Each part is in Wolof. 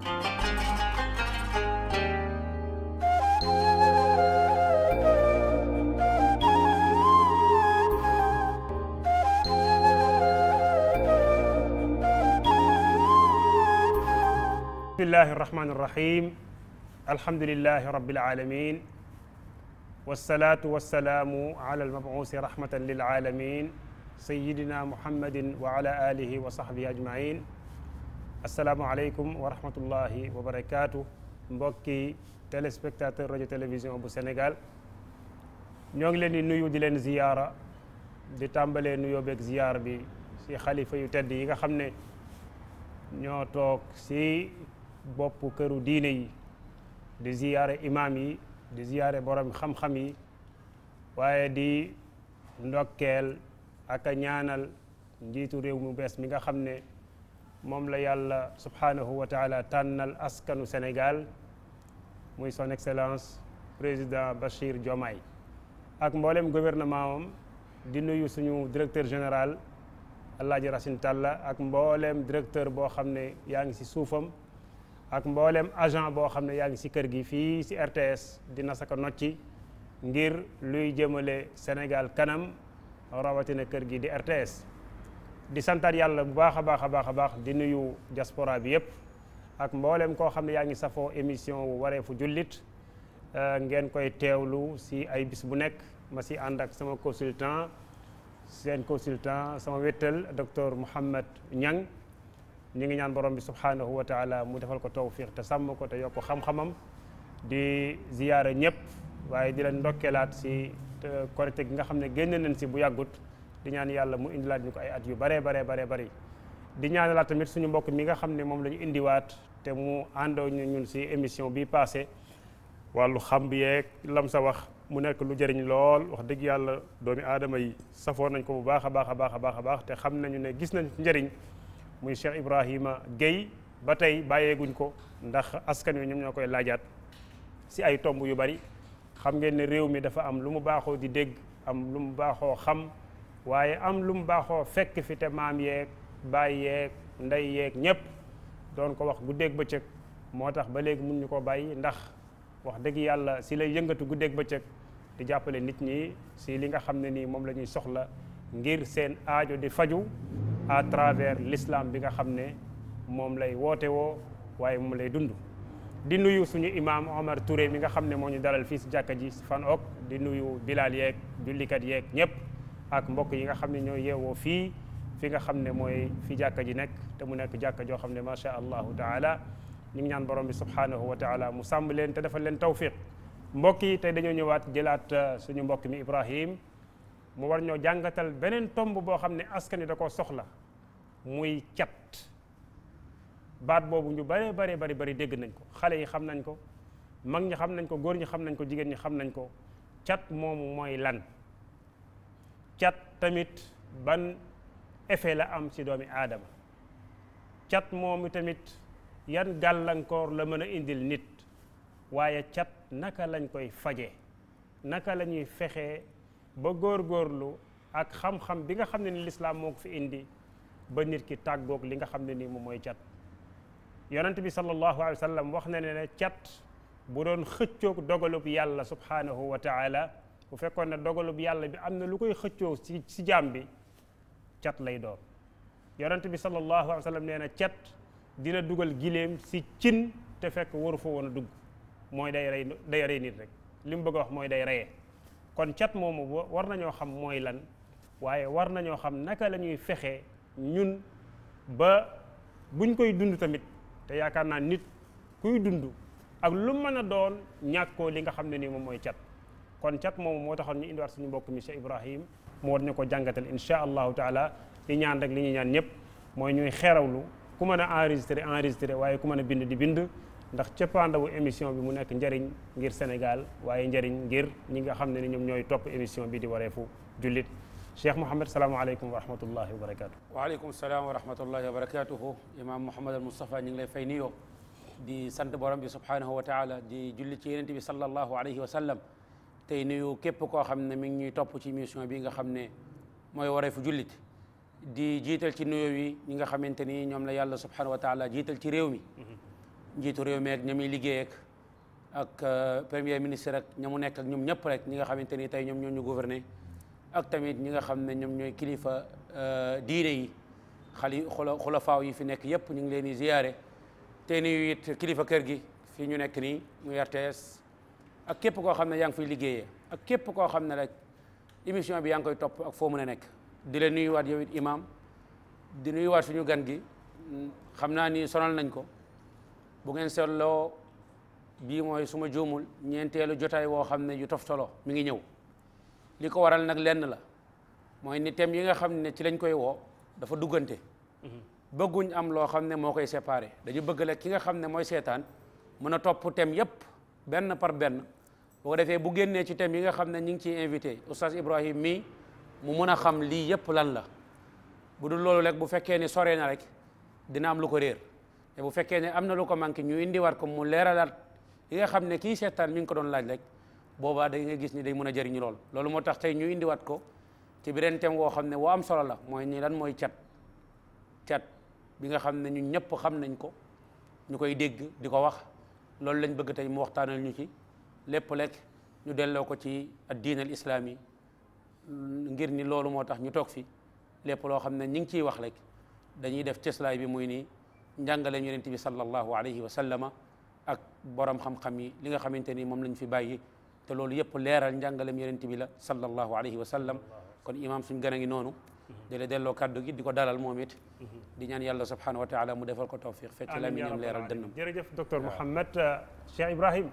بسم الله الرحمن الرحيم الحمد لله رب العالمين والصلاة والسلام على المبعوث رحمة للعالمين سيدنا محمد وعلى آله وصحبه أجمعين asalaamaaleykum wa rahmatullahi wa barakaatu mbokki téléspectateur rajo télévision bu Sénégal ñoo ngi leen di nuyu di leen ziyaara di tàmbalee nuyoo beeg ziyaar bi ci xalifa yu tedd yi nga xam ne ñoo toog ci bopp këru diine yi di ziyaare imaam yi di ziyaare borom xam-xam yi waaye di ndokkeel ak a ñaanal njiitu réew mu bees mi nga xam ne moom la yalla subhanahu wa taala tanal askanu Sénégal muy son excellence président Bachir Diomaye ak mboolem gouvernement am di nuyu suñu directeur général Alaaji Racine Talla ak mboolem directeur bo xamné yaangi ci soufam ak mboolem agent bo xamné yaangi ci kër gi ci RTS dina saka notti ngir luy jëmale Sénégal kanam rawatina kër gi di RTS di santar yalla bu baakha baakha baakha baax di nuyu diaspora bi yep ak mbollem ko xam yaangi safo emission wu waré fu julit euh ngeen koy tewlu si ay bis bu nek ma si andak sama consultant sen consultant sama wéttal docteur mohammed nyang ñi ngi ñaan borom bi subhanahu wa taala mu defal ko tawfiq te sam ko te xam-xamam di ziyara ñep waye di len ndokelat si euh, korite gi nga xamne gennenañ si bu yagut di ñaan yàlla mu indilaat ñu ko ay at yu bare bare bare bare di ñaanalaat tamit suñu mbokk mi nga xam ne moom la ñu indiwaat te mu àndoo ñu ñun si émission bi passé wàllu xam bi yeeg lam sa wax mu nekk lu jëriñ lool wax dëgg yàlla doomi aadama yi safoon nañ ko bu baax a baax a baax a baax a baax te xam nañu ne gis nañ njëriñ muy Cheikh Ibrahima Guèye ba tey bàyyeeguñ ko ndax askan wi ñoom ñoo koy laajaat si ay tomb yu bari xam ngeen ne réew mi dafa am lu mu baaxoo di dégg am lu mu baaxoo xam waaye am lu mu baaxoo fekk fi te maam yeeg baay yeeg ndey yeeg ñëpp doon ko wax guddeeg bëccëg moo tax ba léegi mun ñu ko bàyyi ndax wax dëgg yàlla si lay yëngatu guddeeg bëccëg di jàppale nit ñi si li nga xam ne nii moom la ñuy soxla ngir seen aajo di faju à travers l'islam bi nga xam ne moom lay woote woo waaye moom lay dund di nuyu suñu imaam Omar Touré mi nga xam ne moo ñu dalal fii si jàkka ji fan ok di nuyu bilal yeeg jullikat yeeg ñëpp ak mbokk yi nga xam ne ñoo yeewoo fii fi nga xam ne mooy fi jàkka ji nekk te mu nekk jàkka joo xam ne macha allah taala ñu ngi ñaan borom bi subhanahu wa taala mu sàmm leen te defal leen tawfiq mbokk yi tey dañoo ñëwaat jëlaat suñu mbokk mi Ibrahim mu war ñoo jàngatal beneen tomb boo xam ne askan da ko soxla muy cat baat boobu ñu bare bare bari bari dégg nañ ko xale yi xam nañ ko mag ñi xam nañ ko góor ñi xam nañ ko jigéen ñi xam nañ ko cat moomu mooy lan cat tamit ban effet la am ci doomi aadama cat moomu tamit yan gàllankoor la mën a indil nit waaye cat naka lañ koy faje naka la ñuy fexe ba góor góorlu ak xam-xam bi nga xam ne ni lislaam moo ko fi indi ba nit ki tàggook li nga xam ne ni moom mooy cat yonent bi sallallahu alayhi wax na ne ne cat bu doon xëccoog dogalub yàlla subhaanahu wa taala bu fekkoon ne dogalub yàlla bi am na lu koy xëccoo ci ci jaam bi cat lay doon yonent bi sallallahu alayhi wa nee na cat dina dugal giléem si cin te fekk waru fa woon a dugg mooy day rey day rey nit rek li mu bëgg a wax mooy day reye kon cat moomu war nañoo xam mooy lan waaye war na ñoo xam naka lañuy fexe ñun ba buñ koy dund tamit te yaakaar naa nit kuy dund ak lu mën a doon ñàkkoo li nga xam ne nii moom mooy cat kon cat moom moo taxoon ñu indiwaat suñu mbokk mi Cheikh Ibrahim moo ne ko jàngatal incha allahu taala di ñaan rek li ñuy ñaan ñëpp mooy ñuy xeerawlu ku mën a enregistré enregistré waaye ku mën a bind di bind ndax cëppaandawu émission bi mu nekk njëriñ ngir Sénégal waaye njariñ ngir ñi nga xam ne ni ñoom ñooy topp émission bi di wareefu jullit Cheikh Mouhamed salaamaaleykum wa rahmatullahi wa barakaatu. waaleykum salaam wa rahmatullahi wa barakaatuhu imaam Mouhamed al Moustapha ñu ngi lay fay nuyoo di sant borom bi subhaanahu wa taala di julli ci yonent bi sallallahu alayhi wa sallam tey nuyu képp koo xam ne mi ngi ñuy topp ci émission bi nga xam ne mooy wareefu jullit di jiital ci nuyoo yi ñi nga xamante ni ñoom la yàlla subhanahu wa taala jiital ci réew mi mm-hmm. njiitu réew mi ak ña muy ak ak euh, premier ministre ak ña mu nekk ak ñoom ñëpp rek ñi nga xamante ni tey ñoom ñoo ñu gouverner ak tamit ñi nga xam ne ñoom ñooy kilifa euh, diine yi xali xula xulafaaw yi fi nekk yëpp ñu ngi leen di ziyaare te gi nekk nii muy RTS ak képp koo xam ne yaa ngi fiy liggéeyee ak képp koo xam ne rek émission bi yaa ngi koy topp ak foo mën a nekk di leen nuyuwaat yow it imam di nuyuwaat suñu gan gi xam naa ni sonal nañ ko bu ngeen seetloo bii mooy suma juumul ñeenteelu jotaay woo xam ne yu toftaloo mi ngi ñëw li ko waral nag lenn la mooy ni thème yi nga xam ne ci lañ koy woo dafa duggante bëgguñ am loo xam ne moo koy séparé dañu bëgg la ki nga xam ne mooy seetaan mën a topp yépp benn par benn bu defee bu génnee ci thème yi nga xam ne ñu ngi ciy invité oustaz Ibrahim mii mu mën a xam lii yépp lan la bu dul loolu rek bu fekkee ne soree na rek dina am lu ko réer te bu fekkee ne am na lu ko manqué ñu indiwaat ko mu leeralaat yi nga xam ne kii seetaan mi ngi ko doon laaj rek boobaa da nga gis ni day mën a jëriñu lool loolu moo tax tey ñu indiwaat ko ci beneen thème xam ne woo am solo la mooy ni lan mooy cat cat bi nga xam ne ñun ñëpp xam nañ ko ñu koy dégg di ko wax loolu lañ bëgg tey mu waxtaanal ñu ci lépp lekk ñu delloo ko ci diinal islaam yi ngir ni loolu moo tax ñu toog fi lépp loo xam ne ñi wax rek dañuy def cëslaay bi muy nii njàngale yonent bi sallallahu alayhi wa sallama ak borom xam-xam yi li nga xamante ni lañ fi bàyyi te loolu yëpp leeral njàngalem yonent bi la sallallahu alayhi wa sallam kon imaam suñ gën a ngi noonu di la kàddu gi di dalal moom di ñaan yàlla subhanahu wa taala mu defal ko tawfiq fekk la ñam leeral dënnam jërëjëf docteur Mouhamed Cheikh Ibrahim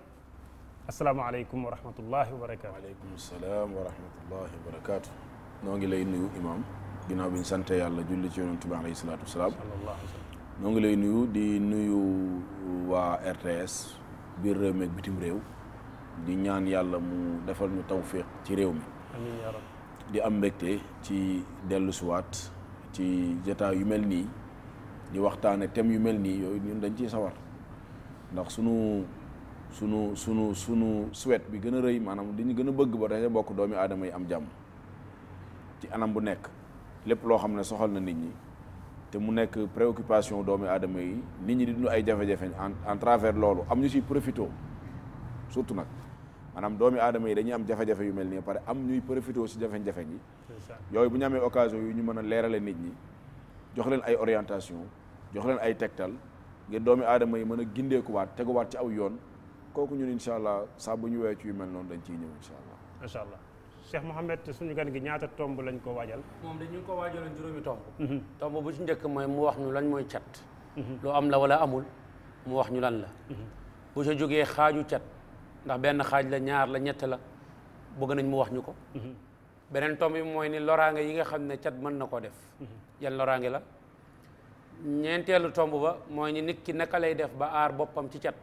asalaamaaleykum wa rahmatullahi wa barakaatu. waaleykum salaam wa rahmatullahi noo ngi lay nuyu imaam ginnaaw bi ñu sant yàlla julli ci yonent bi alayhi salaatu wa salaam. noo ngi lay nuyu di nuyu waa RTS biir réew mi ak bitim réew. di ñaan yàlla mu defal ñu tawfiq ci réew mi. di am mbégte ci dellusiwaat ci jotaay yu mel nii di waxtaane thème yu mel nii yooyu ñun dañ ci sawar ndax sunu. sunu sunu sunu souhait bi gën a rëy maanaam li ñu gën a bëgg ba dañu bokk doomi aadama yi am jàmm ci anam bu nekk lépp loo xam ne soxal na nit ñi te mu nekk préoccupation doomi aadama yi nit ñi di ay jafe en en travers loolu am ñu siy profité surtout nag maanaam doomi aadama yi dañuy am jafe-jafe yu mel nii pare am ñuy profité si jafe-jafe yi yooyu bu ñu amee occasion yu ñu mën a leerale nit ñi jox leen ay orientation jox leen ay tegtal ngir doomi aadama yi mën a gindeekuwaat teguwaat ci aw yoon koku ñun inshallah allah bu ñu wéccu yu mel non dañ ci ñew inshallah allah. allah Cheikh mohammed suñu gan gi ñaata tomb lañ ko mom dañ ñu ko waajaloon juroomi tomb. Mhm. tomb bu ci njëkk moy mu wax ñu lañ moy chat mhm. lo am la wala amul mu wax ñu lan la. Mhm. bu ca joggé xaju chat ndax ben xaaj la ñaar la ñett la gën nañ mu wax ñuko benen beneen moy ni loranga yi nga xam chat cat mën na koo def. yan loranga la. ñentelu tomb ba moy ni nit ki naka lay def ba ar bopam ci chat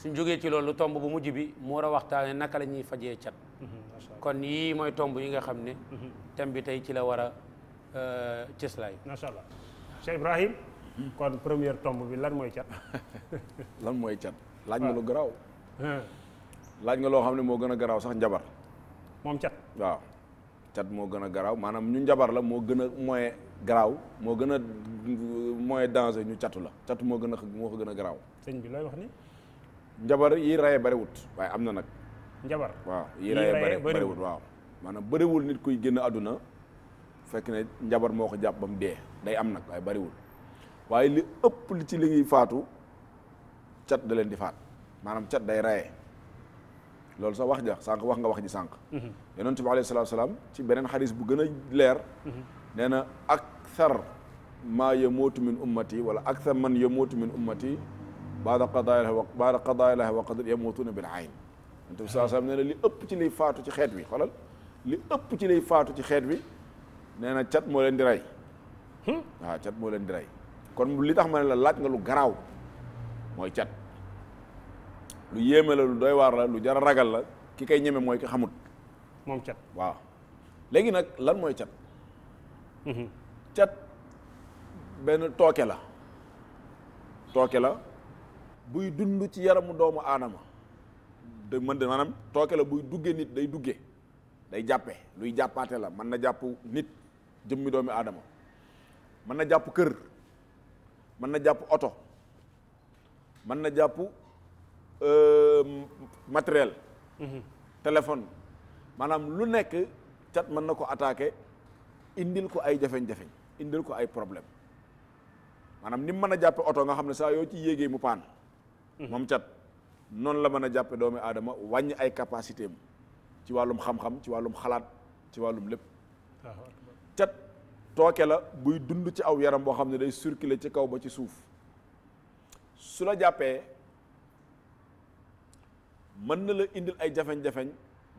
suñ jógee ci loolu tomb bu mujj bi mu war a waxtaane naka la ñuy fajee cat mhm, kon yii mooy tomb yi nga xam ne mhm. thème bi tey ci la war a euh, cëslaay macha allah Cheikh Ibrahim kon première tomb bi lan mooy cat lan mooy cat laaj nga lu garaaw laaj nga loo xam ne moo gën a garaaw sax njabar moom cat waaw cat moo gën a garaaw maanaam ñu njabar la moo gën a moyen garaaw moo gën a euh, moyen danger ñu catu la catu moo gën a moo ko gën a garaaw sëñ bi looy njabar yi raye bariwut wut way amna nak. njabar waaw yi raye bariwut waaw bari bariwul nit kuy genn aduna fekk ne njabar moko ko jàpp day am way bari bariwul waye li ëpp li ci li ngi faatu chat da di faat manam Chat day raye lol sa wax ja sank wax nga wax ji sànq mhm. yenen tibbi alayhi salatu salaam ci benen hadith bu gëna leer mhm. nee akthar ma yamutu min ummati wala akthar man yamutu min ummati baada qadaa ilah wa baada qadaa ilah wa qadar yamutuuna bil ayn yonent bi saa sam nee na li ëpp ci liy faatu ci xeet bi xoolal li ëpp ci liy faatu ci xeet bi nee na cat moo leen di rey hmm? waaw cat moo leen di rey kon li tax ma ne la laaj nga lu garaaw mooy cat lu yéeme la lu doy waar la lu jar a ragal la ki kay ñeme mooy ki xamut moom cat waaw léegi nag lan mooy cat cat benn tooke la tooke la buy dund ci yaramu doomu aadama de mën de maanaam tooke la buy duggee nit day duggee day jàppe luy jàppaate la man na jàpp nit jëmmi doomi aadama mën na jàpp kër mën na jàpp oto mën na jàpp euh, matériel mhm. téléphone maanaam lu nekk cat mën na ko attaqué indil ko ay jafeñ-jafeñ indil ko ay problème maanaam ni mu mën a jàppe oto nga xam ne saa yoo ci yéegee mu paan Mhm. moom cat noonu la mën a jàppe doomi aadama wàññi ay capacité ci wàllum xam-xam ci wàllum xalaat ci wàllum lépp cat tooke la buy dund ci aw yaram boo xam ne day circuler ci kaw ba ci suuf su la jàppee mën na la indil ay jafeñ-jafeñ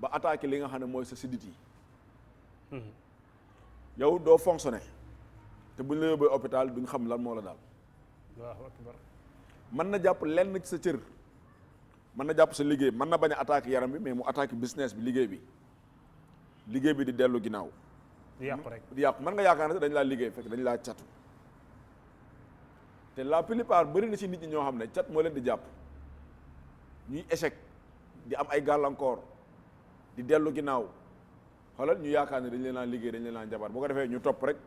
ba attaqué li nga xam ne mooy sa sidit yi mhm. yow doo fonctionné te bu ñu la yóbbee hôpital duñ xam lan moo la daal mën na jàpp lenn ci sa cër mën na jàpp sa liggéey mën na bañ attaque yaram bi mais mu attaque business bi liggéey bi liggéey bi di dellu ginnaaw. di yàqu rek di yàqu mën nga yaakaar ne dañ laa liggéey fekk dañ laa catu te la plupart bëri na ci nit ñoo xam ne cat moo leen di jàpp ñuy échec di am ay gàllankoor di dellu ginnaaw xoolal ñu yaakaar ne dañ leen a liggéey dañ leen a njabar boo ko defee ñu topp rek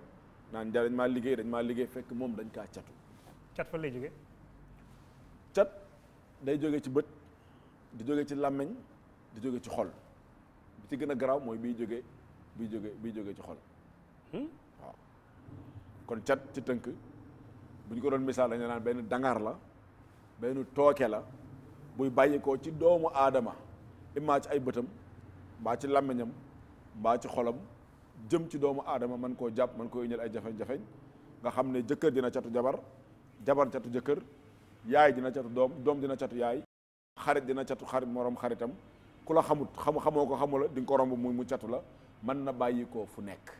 naan dañ ma liggéey dañ maa liggéey fekk moom dañ kaa catu. cat fa lee jógee. day jóge ci bët di jóge ci làmmiñ di jóge ci xol bi ci gën a garaaw mooy biy jóge biy jóge biy jóge ci xol hmm? waaw kon cat ci tënk bu ñu ko doon misaal dañu naan benn dangaar la benn tooke la buy bàyyikoo ci doomu aadama immaa ci ay bëtam mbaa ci làmmiñam mbaa ci xolam jëm ci doomu aadama man koo jàpp man koo indil ay jafe-jafe nga xam ne jëkkër dina catu jabar jabar catu jëkkër yaay dina catu doom doom dina catu yaay xarit dina catu xarit moroom xaritam ku la xamut xam xamoo ko xamula di nga ko romb muy mu catu la man na bàyyi ko fu nekk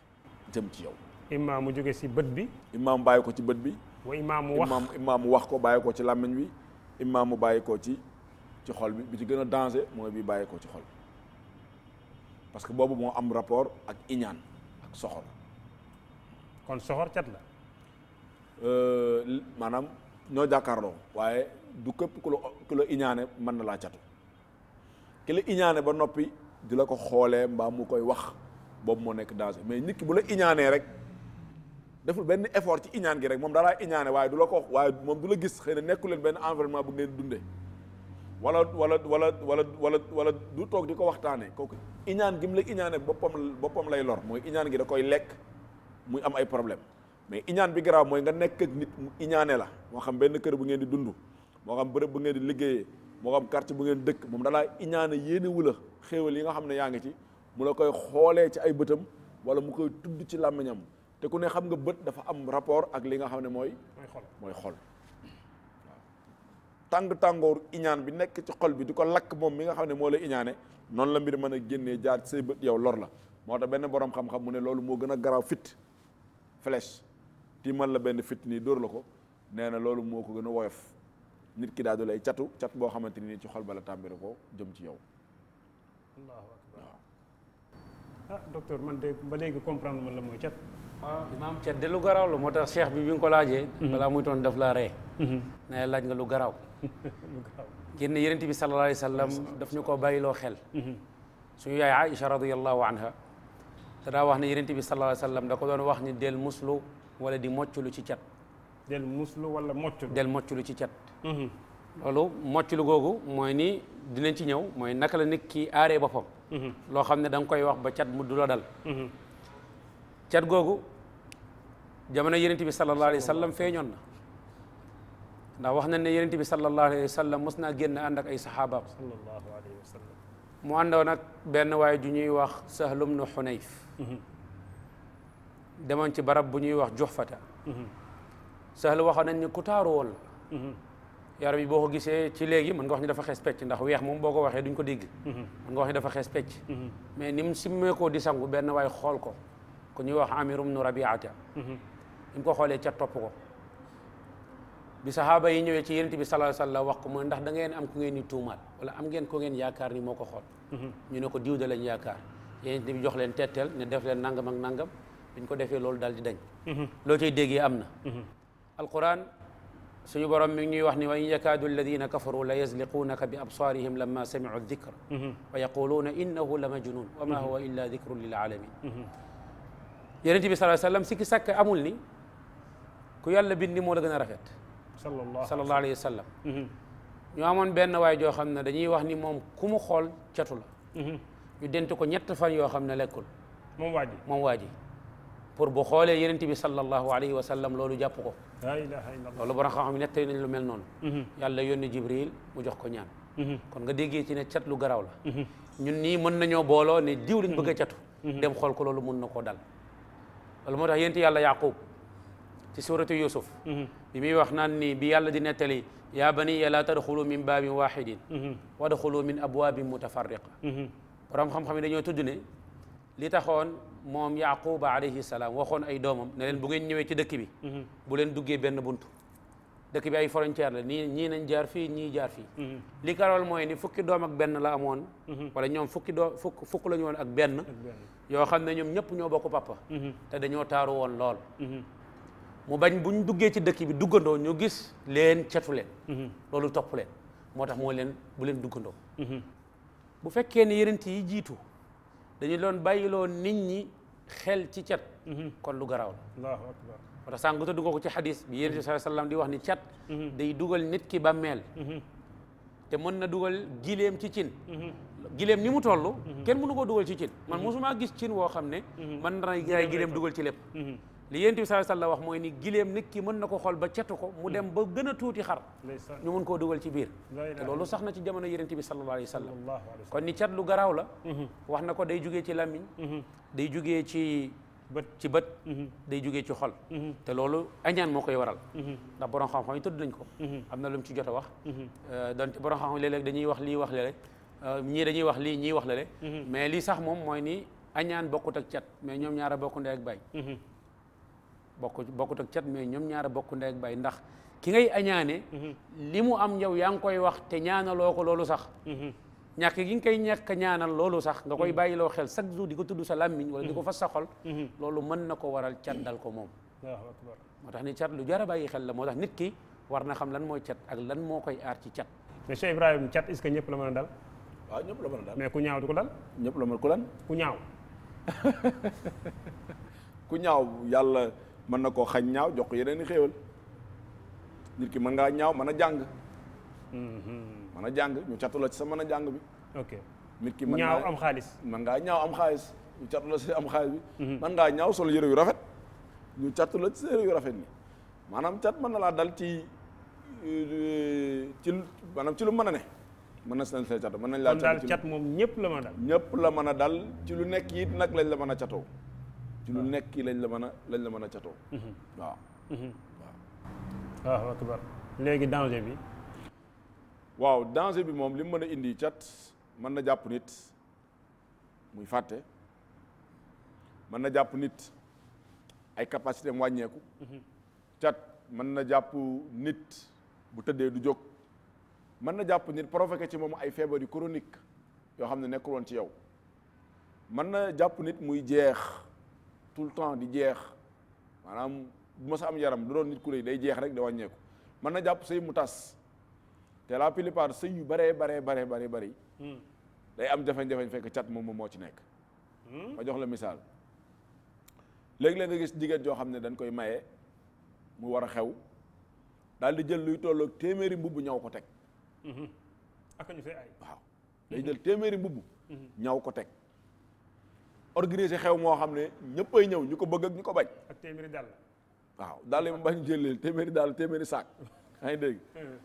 jëm ci yow. imaam mu jóge si bët bi. imaam bàyyi ko ci bët bi. wa imaam mu mu wax ko bàyyi ko ci làmmiñ wi. imaam mu bàyyi ko ci ci xol bi bi ci gën a danger mooy bi bàyyi ci xol parce que boobu moo am rapport ak iñaan ak soxor. kon soxor cat la. Euh, maanaam. ñoo jàkkaarloo waaye du këpp ku la ku iñaane mën na laa catu ki la iñaane ba noppi di la ko xoolee mbaam mu koy wax boobu moo nekk danger mais nit ki bu la iñaanee rek deful benn effort ci iñaan gi rek moom dalaa iñaane waaye du la ko waaye moom du la gis xëy na nekku leen benn environnement bu ngeen dundee wala wala wala wala wala wala du toog di ko waxtaanee kooku iñaan gi mu la iñaane boppam boppam lay lor mooy iñaan gi da koy lekk muy am ay problème mais iñaan bi garaaw mooy nga nekk ak nit mu iñaane la moo xam benn kër bu ngeen di dund moo xam bërëb bu ngeen di liggéeyee moo xam quartier bu ngeen dëkk moom dalaa iñaane yéene wula xéewal yi nga xam ne yaa ngi ci mu la koy xoolee ci ay bëtam wala mu koy tudd ci làmmiñam te ku ne xam nga bët dafa am rapport ak li nga xam ne mooy mooy xol tàng tàngooru iñaan bi nekk ci xol bi di ko lakk moom mi nga xam ne moo la iñaane noonu la mbir mën a génnee jaar say bët yow lor la moo benn borom xam ne loolu moo gën a garaaw fit flèche tiimal la benn fit nii dóor la ko nee na loolu moo ko gën a woyof nit ki daal di lay catu cat boo xamante ni ci xol bala tàmbali ko jëm ci yow. allahu akbar ah docteur man de ba léegi comprendre ma la mooy cat. waaw ah, maam de lu garaaw la moo tax cheikh bi bi nga ko laajee. Mhm. balaa muy toon daf la ree. Mhm. ne laaj nga lu garaaw. lu garaaw génn yonent bi sallallahu alayhi wa daf ñu ko bàyyiloo xel. Mhm. suñu yaay Aïcha radiyallahu anha. da daa wax ne yonent bi sallallahu alayhi wa doon wax ni del muslu. wala di mocculu ci cat. del muslu wala mocculu. del mocculu ci cat. Mhm. loolu mocculu googu mooy ni dinañ ci ñëw mooy naka la nit ki aaree boppam. Mhm. loo xam ne da koy wax ba cat mu du la dal. Mhm. cat googu jamono yonent bi sallallahu alayhi wa sallam feeñoon na. ndax wax nañ ne yonent bi sallallahu alayhi wa sallam naa génn ànd ak ay saxaabaam. sallallahu mu àndoon benn waay ju ñuy wax sahlum nu xunayf. demoon ci barab bu ñuy wax Juhfata Sahl waxoon nañ ni ku taaru woon la yaram yi boo ko gisee ci léegi mën nga wax ni dafa xees pecc ndax weex moom boo ko waxee duñ ko dégg mën nga wax ni dafa xees pecc mais ni mu simmee koo di sangu benn waay xool ko ku ñuy wax amirum nu rabiata ni mu ko xoolee ca topp ko bi sahaaba yi ñëwee ci yonent bi sallallahu alayhi wax ko mu ndax da ngeen am ku ngeen ni tuumaal wala am ngeen ko ngeen yaakaar ni moo ko xool uhuh. ñu ne ko diw da lañ yaakaar yonent leen tetteel ne def leen nangam ak nangam biñ ko defee loolu daal di dañ loo cay déggee am na alquran suñu borom mi ngi ñuy wax ni wa in yakaadu alladina kafaru la yasliquunaka bi absaarihim lamma samicu dikra wa yaquluuna innahu la majnun wa ma huwa illa dicrun lil alamin yonente bi salaa sallam sikki sàkk amul ni ku yàlla bindi moo la gën a rafet sallallahu alayhi wa sallam ñu amoon benn waay joo xam ne dañuy wax ni moom ku mu xool catu la ñu dent ko ñett fan yoo xam ne lekkul moom waa ji moom waa ji pour bu xoolee yonent sallallahu alayhi wa sallam loolu jàpp ko la ilaha illallah loolu borom xam-xam nañ lu mel noonu yàlla yónni jibril mu jox ko ñaan kon nga déggee ci ne cat lu garaaw la ñun nii mën nañoo booloo ne diw lañ bëgg a catu dem xool ko loolu mun na koo dal loolu moo tax yonent yàlla yaqub ci suratu yusuf bi muy wax naan ni bi yàlla di nettali yaa baniya laa tadxulu min baabin wahidin wadxulu min abwaabin mutafarriqa borom xam-xam yi dañoo tudd ne li taxoon moom yaquba alayhi salaam waxoon ay doomam ne leen bu ngeen ñëwee ci dëkk bi mhm. bu leen duggee benn bunt dëkk bi ay frontière la nii ñii nañ jaar fii ñii jaar fii mhm. li karool mooy ni fukki doom ak benn la amoon mhm. wala ñoom fukki doom fukk fukk la ñu woon ak benn yoo xam ne ñoom ñëpp ñoo bokk papa te dañoo taaru woon lool mu bañ buñ duggee ci dëkk bi duggandoo ñu gis leen cetu leen loolu topp leen moo tax moo leen bu leen duggandoo bu fekkee ne yeneen yi dañuy doon bàyyiloo nit ñi xel ci cat mhm. kon lu garaaw la allahu akbar moo ko ci xadis bi yéen bi sallam di wax ni cat mhm. day dugal nit ki bàmmeel mhm. te mën na dugal gileem ci cin gileem ni mu toll kenn mënu ko dugal ci cin man mosuma gis cin woo xam ne man na ray gileem dugal ci lépp li yent bi sallallahu alaihi wasallam wax moy ni gilem nit ki mën nako xol ba ciatu ko mu dem ba gëna tuuti xar ñu mën ko duggal ci biir loolu sax na ci jamono yent bi sallallahu alaihi wasallam kon ni ciat lu garaw la mhm. wax nako day juggé ci lamiñ mhm. day juggé ci bet ci bet mhm. day juggé ci xol té loolu añaan mo koy waral ndax borom xam-xam yi tudd nañ ko amna lu mu ci jot a wax euh, donte borom xam-xam léeg dañuy wax li wax léeg euh, ñi dañuy wax li ñi wax lale mais li sax mom moy ni añaan bokkut ak ciat mais ñom ñaara bokku ndé ak bay bokk bokkut ak cat mais ñoom ñaar bokku ndey ak bay ndax ki ngay añaane mhm. li mu am yow yaa ngi koy wax te ñaanaloo ko loolu sax mhm. ñàkk gi nga koy ñàkk ñaanal loolu sax nga koy mhm. bàyyiloo xel chaque jour di ko tudd sa wala di ko fas sa loolu mën na ko waral cat dal ko moom moo tax ni cat lu jar a bàyyi xel la moo tax nit ki war na xam lan mooy cat ak lan moo koy aar ci cat mais Cheikh Ibrahima cat est-ce ñëpp la mën a dal waaw ñëpp la mën a ku ñaaw du ko dal ñëpp la mën ku lan ku ñaaw ku ñaaw yàlla mën na koo xañ ñaaw jox ko yeneen i xéewal ki mën ngaa ñaaw mën a jàng mm-hmm. mën a jàng ñu catu ci sa man a jàng bi ok nit ki mën am xaalis mën ngaa ñaaw am xaalis ñu catu la am xaalis bi mm-hmm. mën ngaa ñaaw sol yëre yu rafet ñu catu la sa yëre yu rafet ni maanaam cat mën na laa dal ci ci maanaam ci lu man a ne mën na seen seen cat mën nañ laa cat moom ñëpp la mën a dal ñëpp la mën a dal ci lu nekk it nag lañ la mën a catoo ci lu nekk lañ la mën a lañ la mën a catoo mm-hmm. waaw mm-hmm. waaw léegi danger bi waaw danger bi moom li mu mën a indi cat man na jàpp nit muy fàtte mën na jàpp nit ay capacité am wàññeeku mm-hmm. cat mën na jàpp nit bu tëddee du jóg mën na jàpp nit provoqué ci moom ay feebar yu chronique yoo xam ne nekkul ci yow mën na jàpp nit muy jeex tout le temps di jeex maanaam bu ma sa am yaram du doon nit ku rëy day jeex rek da wàññeeku mën na jàpp sëy mu tas te la plupart sëy yu baree baree baree baree bëri hmm. day am jafe-jafe fekk cat moom moom moo ci nekk hmm. ma jox la misaal léegi-léeg nga gis jigéen joo xam ne dañ koy maye mu war a xew daal di jël luy tolloog téeméeri mbubb ñaw ko teg hmm. ak ñu fee waaw day jël téeméeri mbubb ñaw ko teg organiser xew moo xam ne ñëppay ñëw ñu ko bëgg ak ñu ko bañ. ak téeméeri dàll. waaw daal moom bañ jëlee téeméeri daal téeméeri saak. yaa ngi dégg. Hmm.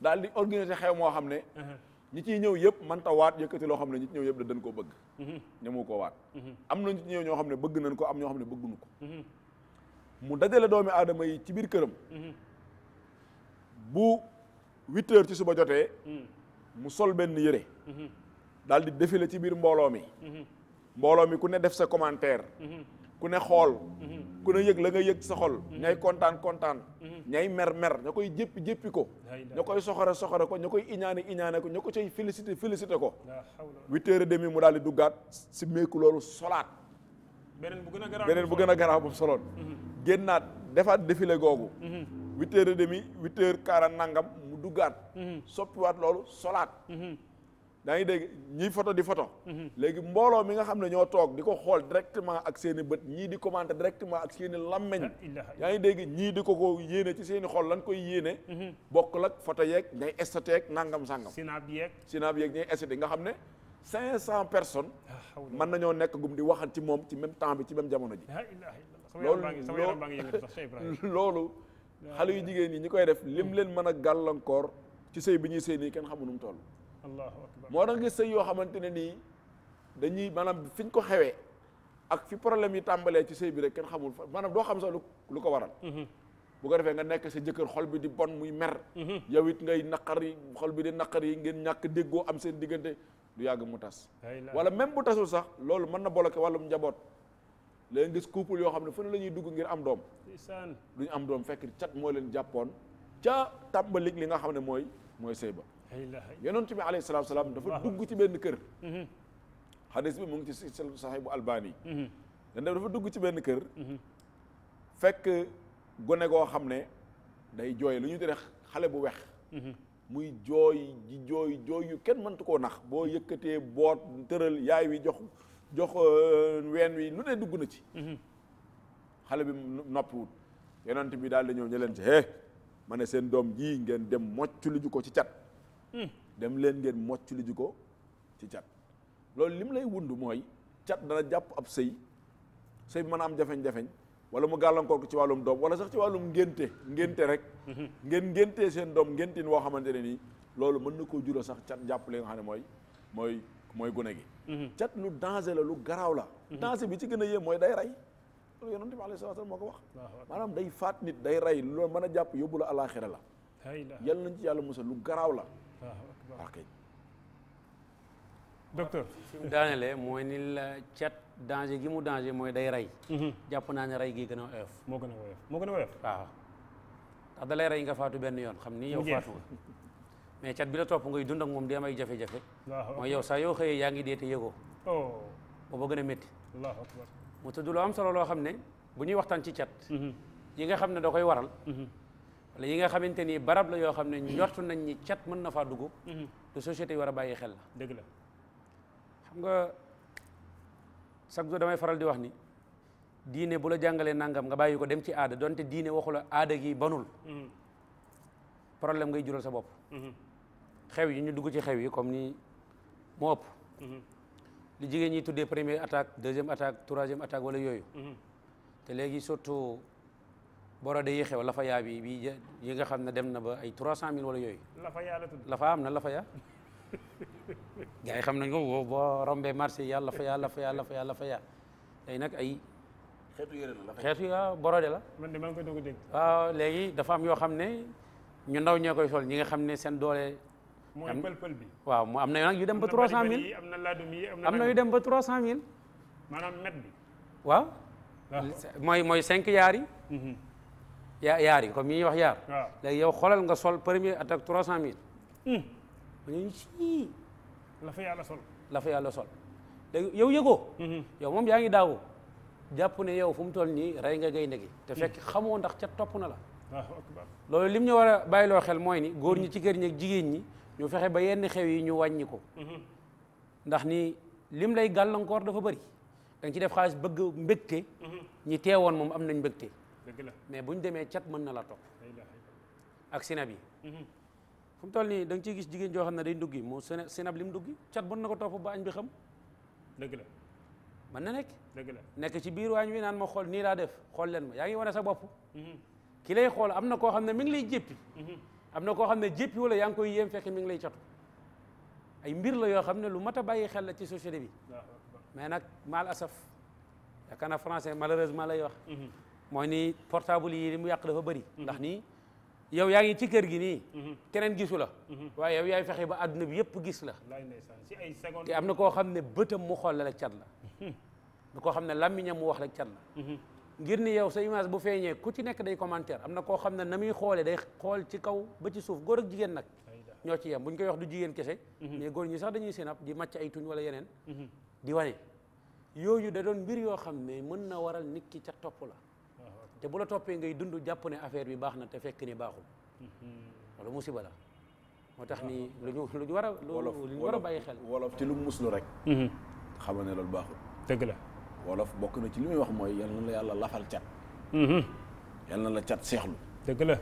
daal di organiser xew moo xam ne. Hmm. ñi ci ñëw yëpp man ta waat yëkkati loo xam ne ñi ci ñëw yëpp da dañ koo bëgg hmm. ñemoo ko waat am na ñi ci ñëw ñoo xam ne bëgg nañ ko am ñoo xam ne bëgguñu ko mu dajale doomi aadama yi ci biir këram bu huit ci suba jotee mu sol benn yére daal di défilé ci biir mbooloo mi mbooloo mi ku ne def sa commentaire. Mhm. ku ne xool. Mhm. ku ne yëg la nga yëg sa xol. Mhm. ñay kontaan kontaan. ñay mer mer ña koy jéppi jéppi ko. ña koy soxore soxore ko ña koy iñaane iñaane ko ña ko cay félicité félicité ko. huit heures et demi mu daal di duggaat si meeku loolu solaat. beneen bu gën a garaaw beneen bu gën a bu soloon. génnaat defaat défilé googu. huit heures et demi huit heures quarante nangam mu duggaat. soppiwaat loolu solaat. daa ngi dégg ñiy photo di photo mhm. léegi mbooloo mi nga xam ne ñoo toog di ko xool directement ak seen bët ñii di commenter directement ak seen i lammeñ yaa ngi dégg ñii di ko ko yéene ci seeni i xol lan koy yéene mhm. bokk ak photo yeeg ñay estateeg nangam sangam sinab yeeg sinab yeeg ñay estaté nga xam ne cinq cent personnes mën nañoo nekk gum di waxal ci moom ci même temps bi ci même jamono ji loolu loolu xale yu jigéen yi ñi koy def lim mhm. leen mën a gàllankoor ci sëy bi ñuy sëy kenn xamu nu mu moo tax nga sëy yoo xamante ne nii dañuy maanaam fi ñu ko xewee ak fi problème yi tàmbalee ci sëy bi rek kenn xamul maanaam doo xam sax lu ko waral mm-hmm. bu ko defee nga nekk sa jëkkër xol bi di bon muy mer mm-hmm. yow ngay naqar yi xol bi di naqar yi ngeen ñàkk déggoo am seen diggante du yàgg mu tas wala même bu tasul sax loolu mën na bloqué wàllum njaboot léegi gis couple yoo xam ne fu ne la ñuy dugg ngir am doom duñu am doom fekk cat moo leen jàppoon ca tàmbalik li nga xam ne mooy mooy yenoon bi alayhi salaatu salaam dafa dugg ci benn kër xadis bi mu ngi ci saxibu albani yi dana dafa dugg ci benn kër fekk gone goo xam ne day jooy lu ñuy tere xale bu wex mm-hmm. muy jooy ji jooy jooy yu kenn mëntu koo nax boo yëkkatee boot tëral yaay wi jox jox euh, ween wi lu ne dugg na ci mm-hmm. xale bi noppiwut yonent bi daal di ñëw ñu leen ci hee eh, ma seen doom jii ngeen dem mocc li ko ci cat dem len ngeen mocc li ji ci chat lol lim lay wund moy chat dana japp ab sey sey man am jafeñ-jafeñ wala mu galan ko ci walum dom wala sax ci walum ngenté ngenté rek ngeen ngenté sen dom ngentine wo xamante ni lolou man nako juro sax chat japp li nga xam moy moy moy gune gi chat lu danger la lu graw la danger bi ci gëna yé moy day ray loolu yonent bi alayhi wax manam day fat nit day ray mana mën japp yobul alakhirah la yalla la musa lu graw la waaw kay mooy ni cat danger gi mu danger mooy day rey mhm. jàpp naa ne rey gi gën a oyof moo gën a oyof moo gën rey nga faatu benn yoon xam ni yow faatu nga mais cat bi la topp ngay dund ak moom di am ay jafe-jafe mooy yow saa yoo xëyee yaa ngi dee te yëgoo oh. booba gën a métti allahu akbar mu tudd am solo loo xam ne bu ñuy waxtaan ci cat mhm. yi nga xam ne da koy waral mhm. wala yi nga xamante ni barab la yoo xam ne njortu nañ ni cat mën na faa dugg. Mhm. te société yi war a bàyyi xel la. dëgg la xam nga chaque jour damay faral di wax ni diine bu la jàngalee nangam nga bàyyi ko dem ci aada donte diine waxu la aada gi banul. Mhm. problème ngay jural sa bopp. Mhm. xew yi ñu dugg ci xew yi comme ni moo ëpp. li jigéen ñi tuddee première attaque deuxième attaque troisième attaque wala yooyu. te léegi surtout. borode yi xew lafa yaa bi bii yi nga xam ne dem na ba ay 300000 wala yooyu. lafa yaa la lafa am na lafa yaa. xam nañ ko boo rombee marché yi yàlla lafa yaa lafa yaa lafa yaa lafa yaa nag ay. xeetu yëre borode la. man de maa ngi koy doog a léegi dafa am yoo xam ne ñu ndaw ñoo koy sol ñi nga xam ne seen doole. mooy pël-pël bi waaw mu am na nag yu dem ba 300000 am na laadum yi am na am na yu dem ba 300000. maanaam met bi. waaw. mooy mooy 5 yaar yi. Mhm. yaa yaar yi comme wax yaar. waaw léegi yow xoolal nga sol premier attaque trois cent mille. Hmm. ma ne sii. la fa yàlla sol. la fa yàlla sol léegi yow yëgoo. yow moom yaa ngi daawu. jàpp ne yow fu mu toll nii rey nga gaynde gi te fekk hmm. xamoo ndax ca topp na la. loolu lim ñu war a bàyyiloo xel mooy ni góor ñi ci kër ñi jigéen ñi ñu fexe ba yenn xew yi ñu wàññi ko. ndax ni lim lay gàllankoor dafa bëri. da nga ci def xaalis bëgg mbégte. ñi teewoon moom am nañ mbégte. dëgg la mais bu ñu demee cat mën na la topp. ak sinab yi. Mhm. fu mu toll nii da nga gis jigéen joo xam ne day nduggi mu sinab li mu duggi cat mën na ko topp ba añ bi xam. dëgg la. mën na nekk. dëgg la nekk ci biir waañ wi naan ma xool nii laa def xool leen ma yaa ngi wane sa bopp. Mhm. ki lay xool am na koo xam ne mi ngi lay jéppi. Mhm. am na koo xam ne jéppi wala yaa ngi koy yéem fekk mi lay catu. ay mbir la yoo xam ne lu mat a bàyyi xel la ci société bi. mais nag mal asaf yaakaar naa français malheureusement lay wax. mooy ni portable yi mu yàq dafa bëri mhm. ndax nii yow yaa ngi ci kër gi nii mhm. keneen gisu la mhm. waaye yow yaay fexe ba àdduna bi yëpp gis la te am na koo xam ne bëtam mu xool la rek cat la na koo xam ne làmmiñam mu wax rek cat la ngir ni yow sa image bu feeñee ku ci nekk day commentaire am na koo xam ne na muy xoolee day xool ci kaw ba ci suuf góor ak jigéen nag ñoo ci yem bu ñu koy wax du jigéen kese mais góor ñi sax dañuy seen di màcc ay tuñ wala yeneen di wane yooyu da doon mbir yoo xam ne mën na waral nit ki ca topp la te bu la toppee ngay dund jàpp ne affaire bi baax na te fekk ni baaxul wala mhm. musiba la moo tax ah. ni lu ñu lu ñu war a lu ñu war a bàyyi xel wolof ci lu muslu rek mhm. xamal ne loolu baaxul dëgg la wolof bokk na ci li muy wax mooy yal na la yàlla lafal cat mhm. na la cat seexlu dëgg la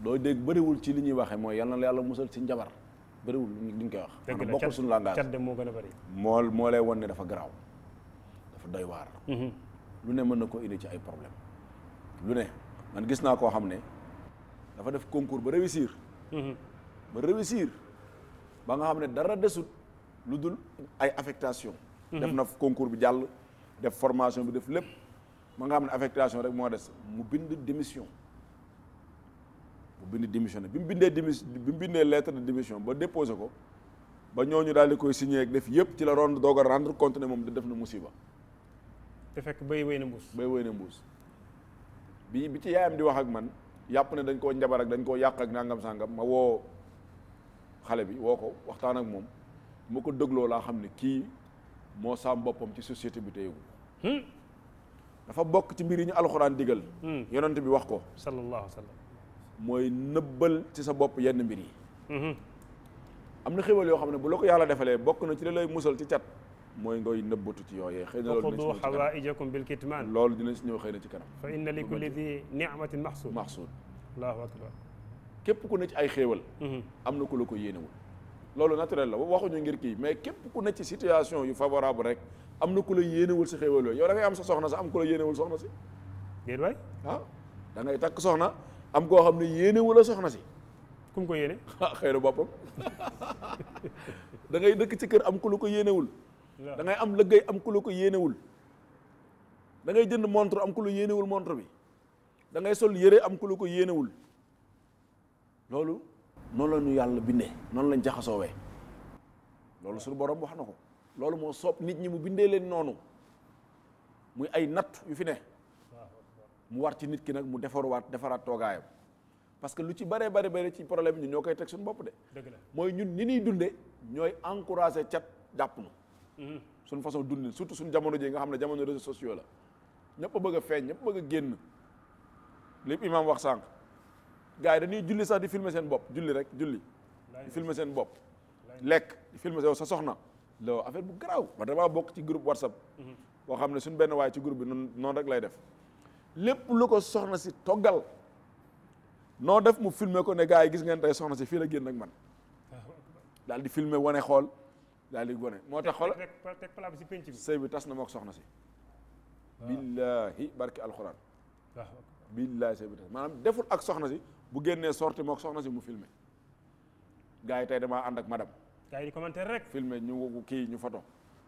doo dégg ci li ñuy waxee mooy yal na yàlla musal ci njabar bëriwul duñ koy wax dëgg la bokkul suñu langage cat de moo gën a moo moo lay won ne dafa garaaw dafa doy waar lu ne mën na koo indi ci ay problème lu ne man gis naa koo xam ne dafa def concours ba réussir. Mhm. ba réussir ba nga xam ne dara desut lu dul ay affectation mhm. def na concours bi jàll def formation bi def lépp ma nga xam ne affectation rek moo des mu bind dimission mu bind démission bi mu bindee démission bi mu bindee lettre de démission ba déposé ko ba ñooñu daal di koy signé ak def yëpp ci la rendre doog a rendre compte ne moom da def na musiba. te fekk bay wéy na mbuus bay wéy na mbuus bi bi ci yaayam di wax ak man yàpp ne dañ koo njabar ak dañ koo yàq ak nangam sangam ma woo xale bi woo ko waxtaan ak moom ma ko dégloo laa xam ne kii moo saam boppam ci société bi te hmm? dafa bokk ci mbir ñu alxuraan digal hmm. yonent bi wax ko sallallahu sallam mooy nëbbal ci sa bopp yenn mbir yi hmm. am na xéwal yoo xam ne bu la ko yàlla defalee na ci lay musal ci cat mooy ngay nëbbatu ci yooyee xëy na loolu xudu xawaa'ijakum bil kitmaan loolu dinañ si ñëw xëy na ci kanam fa inna li kulli di ni'matin maxsuud maxsuud allahu akbar képp ku ne ci ay xéewal am na ku la ko yéenewul loolu naturel la waxuñu ngir kii mais képp ku ne ci situation yu favorable rek am na ku la yéenewul si xéewal yooyu yow da ngay am sa soxna sax am ku la yéenewul soxna si déet waay ah da ngay takk soxna am koo xam ne yéenewu la soxna si kum ko yéene ah xëy na boppam da ngay dëkk ci kër am ku la ko yéenewul da ngay am lëggéey am ku ko yéenewul da ngay jënd montre am ku la yéenewul montre bi da ngay sol yére am ku ko yéenewul loolu noonu la ñu yàlla bindee noonu lañ jaxasoowee loolu suñu borom wax na ko loolu moo soob nit ñi mu bindee leen noonu muy ay natt yu fi ne mu war ci nit ki nag mu defarwaat defaraat toogaayam parce que lu ci baree bare bari ci problème ñu ñoo koy teg suñu bopp de mooy ñun ni ñuy dunde ñooy encouragé cat jàpp na suñ façon dundin surtout suñ jamono ji nga xam ne jamono réseaux sociaux la ñëpp a bëgg a feeñ ñëpp bëgg a génn lépp imaam wax sànq gaa yi dañuy julli sax di filmer seen bopp julli rek julli di filmer seen bopp lekk di filmer sa soxna loo affaire bu garaaw ba damaa bokk ci groupe whatsapp mhm. boo xam ne suñ benn waay ci groupe bi noonu noonu rek lay def lépp lu ko soxna si toggal noo def mu filmer ko ne gaa yi gis ngeen tey soxna si fii la génn ak man daal di filmer wane xool daal di gone moo tax xool teg palaab si penc bi sëy bi tas na mook soxna si billaahi barki alxuraan billaahi sëy bi tas maanaam deful ak soxna si bu génnee sorti mook soxna si mu filmé gars yi tey damaa ànd ak madame gars yi di ñu kii ñu photo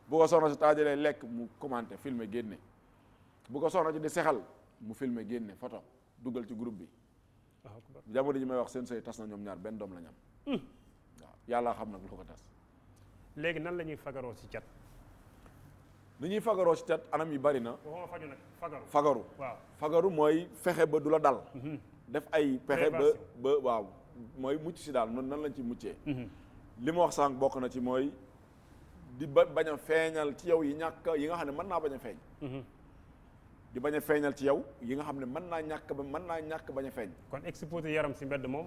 bu ko soxna si taajalee lekk mu commenté filme génne bu ko soxna si di sexal mu filmé génne photo dugal ci groupe bi jamono ji may wax seen sëy tas na ñoom ñaar benn doom la ñam hmm. yàlla xam nag lu ko tas léegi nan lañuy fagaro ci si cat ni ñuy fagaroo anam yi bari na waxuma fagaru fagaru fagaru waaw fagaru moy fexé ba dula dal mhm. def ay pexe ba ba waaw moy mucc ci dal non nan lañ ci muccé mhm. li ma wax sank bok na ci moy di baña feñal ci yow yi ñak yi nga xamne man na baña feñ mhm. di baña feñal ci yow yi nga xamne man na ñak ba man na ñak baña feñ kon exposé yaram ci mbedd mom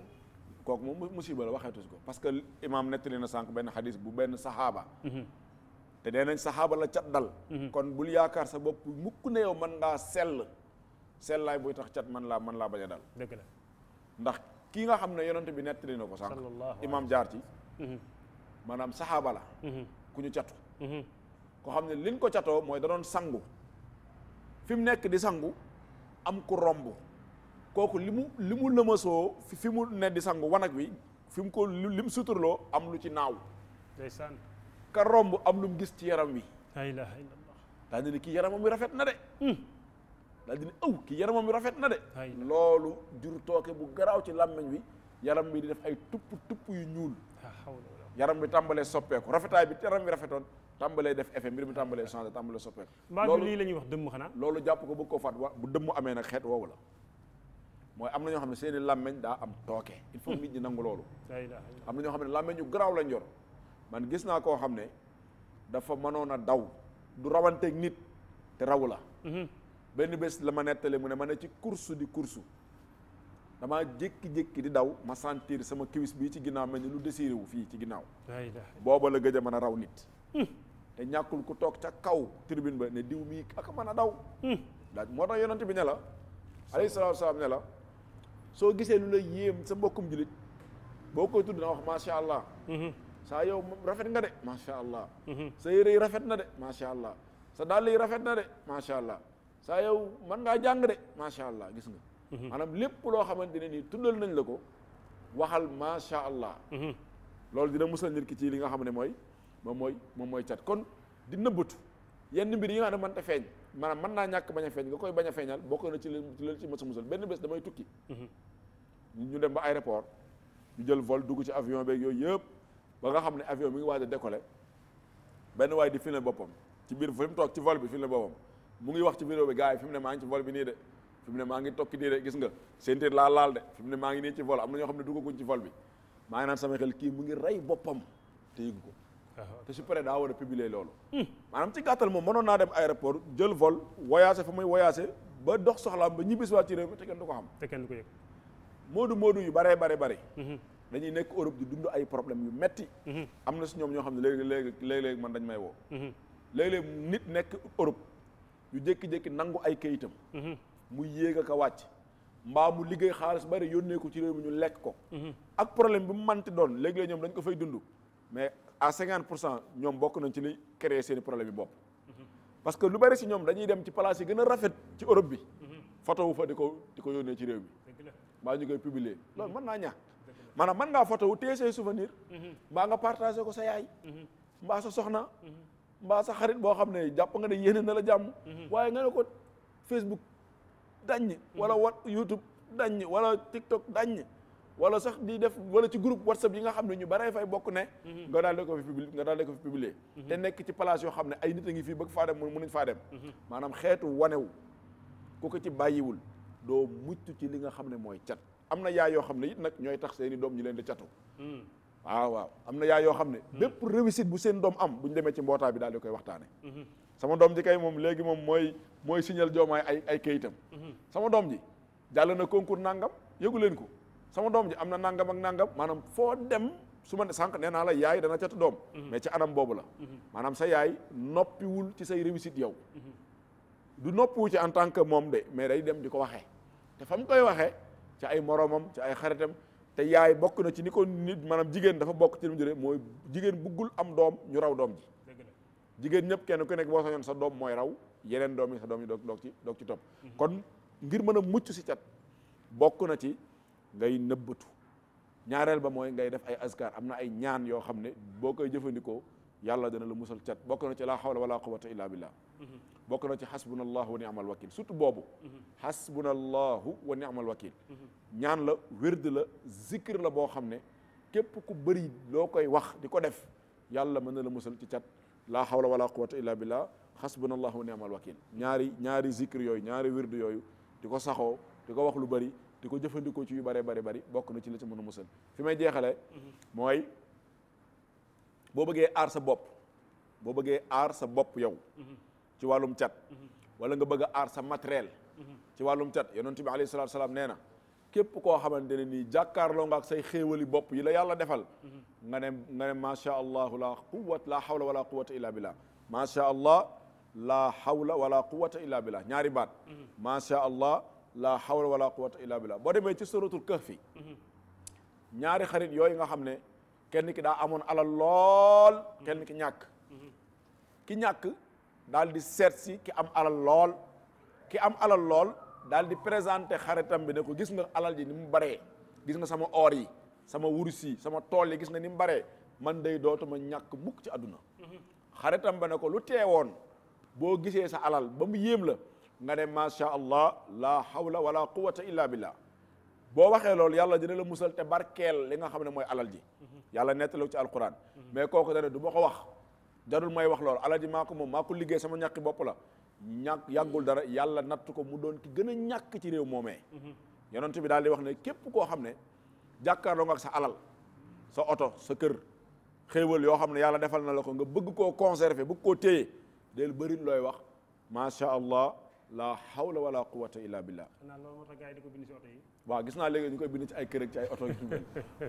kooku moom musiba la waxeetus ko parce que imam nettali na sànq benn xadis bu benn saxaaba te dee nañ la chat dal kon bul yaakaar sa bopp mukk ne yow mën ngaa sell sellaay buy tax cat man laa man laa bañ a dal dëgg la ndax ki nga xam ne yonent bi nettali na ko sànq imam jaar ci mhm. maanaam saxaaba la mhm. ku ñu catu mhm. ko xam ne liñ ko catoo mooy da doon sangu fi mu di sangu am ku romb kooku li mu li mu lëmasoo fi mu ne di sangu wanag wi fi mu ko li mu suturloo am lu ci naaw ndeysaan ka romb am lu mu gis ci yaram wi laa ilaaha illallah daa dina kii yaramam wi rafet na de hmm. daa dina ëw kii yaramam wi rafet na de loolu jur tooke bu garaaw ci làmmiñ wi yaram bi di def ay tupp tupp yu ñuul yaram bi tàmbalee soppeeku rafetaay bi yaram bi rafetoon tàmbalee def effet mbir mi tàmbalee changé tàmbalee soppeeku mbaa lii la ñuy wax dëmm xanaa loolu jàpp ko bëgg ko faat wa bu dëmm amee nag xeet woowu la moy amna ñoo xamne seen lamagne da am tooke il faut nit ñi nang lolu amna ñoo xamne lamagne làmmeñ yu garaaw lañ yor man gis na ko xamne dafa mënoon daw du ak nit te rawu la mhm. benn la ma mu ne mané ci kursu di kursu dama jekki jekki di daw ma sentir sama kiwis bi ci ginaaw mel lu désiré wu fi ci ginaaw booba la gëjë mëna raw nit hmm. te ñakul ku tok ca kaw tribune ba ne diw mi ak mëna a daw daa hmm. moo tax yonent bi ne la alayhi salatu wasalaam ne la soo gisee lu la yéem sa mbokkum jullit boo koy tudd na wax macha allah. Mhm. saa yow rafet nga de macha allah. Mhm. sa yére yi rafet na de macha allah. sa dàll yi rafet na de macha allah. saa yow mën ngaa jàng de macha allah gis nga. Mhm. maanaam lépp loo xamante ne nii na nañ la ko waxal macha allah. loolu dina musal nit ki ci li nga xam ne mooy moom mooy moom mooy cat kon di nëbbatu yenn mbir yi nga xam ne mënta feeñ. maanaam mën naa ñàkk bañ a feeñ nga koy bañ a feeñal bokk na ci leen ci mësa musal benn bés damay tukki mhm. ñu dem ba aéroport ñu jël vol dugg ci avion beeg yooyu yëpp ba nga xam ne avion mi ngi waaj a décoller benn di filmer boppam ci biir fi mu toog ci vol bi filmer boppam mu ngi wax ci vidéo bi gars yi fi mu ne maa ngi ci vol bi nii de fi mu ne maa ngi tokki nii de gis nga seentéer laa laal de fi ne maa ngi nii ci vol am na ñoo xam ne duggaguñ ci vol bi maa ngi naan sama xel kii mu ngi rey boppam te yëgu ko Uh-huh. te su paree daa war a publier loolu. Hmm. maanaam ci gàttal moom mënoon naa dem aéroport jël vol voyager fa muy voyager ba dox soxlaam ba ñibbisi waat ci réew mi te kenn du ko xam. te kenn du ko yëg. yu baree bare bare. Hmm. dañuy nekk Europe di dund ay problème yu metti hmm. am na si ñoom ñoo xam ne léegi léegi léeg man dañ may woo. léeg-léeg nit nekk Europe yu jékki-jékki nangu ay kayitam. mu yéeg ak a wàcc. mbaa mu liggéey xaalis bari yónnee ko ci réew mi ñu lekk ko. ak problème bi mu manti doon léegi la ñoom dañ ko fay dund mais. à 50 pour cent ñoom bokk nañ ci li créer seen i problème yi bopp parce que lu bari si ñoom dañuy dem ci place yi gën rafet ci Europe bi photo wu fa di ko di ko yónnee ci réew bi mbaa ñu koy publier loolu mën naa ñaax maanaam mën ngaa photo wu téye souvenir mhm. mbaa nga partagé ko sa yaay mhm. mbaa sa soxna mhm. mbaa sa xarit boo xam ne jàpp nga ne yéene na la jàmm waaye nga ko Facebook dañ wala YouTube dañ wala TikTok dañ wala sax di def wala ci groupe whatsapp yi nga xam ne ñu baree fay bokk ne mhm. nga daal di ko fi publier nga daal di ko fi publier te nekk ci place yoo xam ne ay nit a ngi fii bëgg faa dem mun nañ faa dem mhm. maanaam xeetu wanewu ku ko ci bàyyiwul doo mucc ci li nga xam ne mooy cat am na yaay yoo xam ne yit nag ñooy tax seeni doom ñu leen di catu mhm. waaw waaw am na yaay yoo xam ne bépp réussite bu seen doom am bu ñu demee ci mbootaay bi daal di koy waxtaane sama doom ji kay moom léegi moom mooy mooy signal joomaay ay ay kayitam sama doom ji jàll na concours nangam yëgu leen ko sama doom ji am na nangam ak nangam maanaam foo dem su ma sànq nee naa la yaay dana catu doom mhm. mais ci anam boobu la mhm. maanaam sa yaay noppiwul ci say réussite yow du noppiwu ci en tant que moom de mais day dem di ko waxee te fa mu koy waxee ci ay moromam ci ay xaritam te yaay bokk na ci ni ko ni maanaam jigéen dafa bokk ci li mu juree mooy jigéen buggul am doom ñu raw doom ji jigéen ñëpp kenn ku nekk boo sañoon sa doom mooy raw yeneen doom yi sa doom yi doog doog ci doog ci topp mhm. kon ngir mën a mucc si cat bokk na ci ngay nëbbatu ñaareel ba mooy ngay def ay askar am na ay ñaan yoo xam ne boo koy jëfandikoo yàlla dana la musal cat bokk ci laa hawla wala quwwata illa billah mm-hmm. bokk na ci xasbunallahu wa ni'mal wakil surtout boobu xasbunallahu mm-hmm. wa ni'mal wakil mm-hmm. ñaan la wérd la zikr la boo xam ne képp ku bëri loo koy wax di ko def yàlla mën na la musal ci cat laa hawla wala quwwata illa billah xasbunallahu wa ni'mal wakil ñaari ñaari zikr ñaari wérd yooyu di ko saxoo di ko wax lu bëri di ko jëfandikoo ci yu bare bare bari bokk na ci la ci mënu a fi may jéxalé moy bo bëggé ar sa bop bo bëggé ar sa bop yow ci walum chat wala nga bëgg ar sa matériel ci walum chat yonent bi alayhi salatu wassalam néna képp koo xamante ni jàkkaarloo nga ak say xéewali bopp yi la yàlla defal nga ne nga ne macha allah la quwwata la hawla wala quwwata illa billah macha allah la hawla wala quwwata illa billah ñaari baat macha allah laa la hawla wala quwwata illa billah boo demee ci suratul kahfi ñaari xarit yooyu nga xam ne kenn ki daa amoon alal lool kenn ki ñàkk ki ñàkk daal di seet ki am alal lool ki am alal lool daal di présenté xaritam bi ne ko gis nga alal ji ni mu baree gis nga sama or yi sama wurus yi sama tool yi gis nga ni mu baree man dey dootuma ñàkk mukk ci àdduna mm-hmm. xaritam ba ne ko lu teewoon boo gisee sa alal ba mu yéem la nga ma sha allah la hawla wala quwwata illa billah bo waxe lol yalla dina la musal te barkel li nga xamne moy alal ji yalla ci alquran mais koku dana du ko wax darul moy wax lol alal ji mako mom mako liggey sama ñak bop la ñak yang dara yalla natt ko mu don ki gëna ñak ci rew momé yonent bi dal di wax ne kep ko xamne ne lo nga sa alal sa Otto, sa kër xewal yo xamne yalla defal na la ko nga bëgg ko conserver bu ko téye del bëri loy wax allah la hawla wala quwata illa billah xanaa loolu moo tax gars yi di ko bind ci oto yi waaw gis naa léegi ñu koy bind ci ay kër ak ci ay oto yi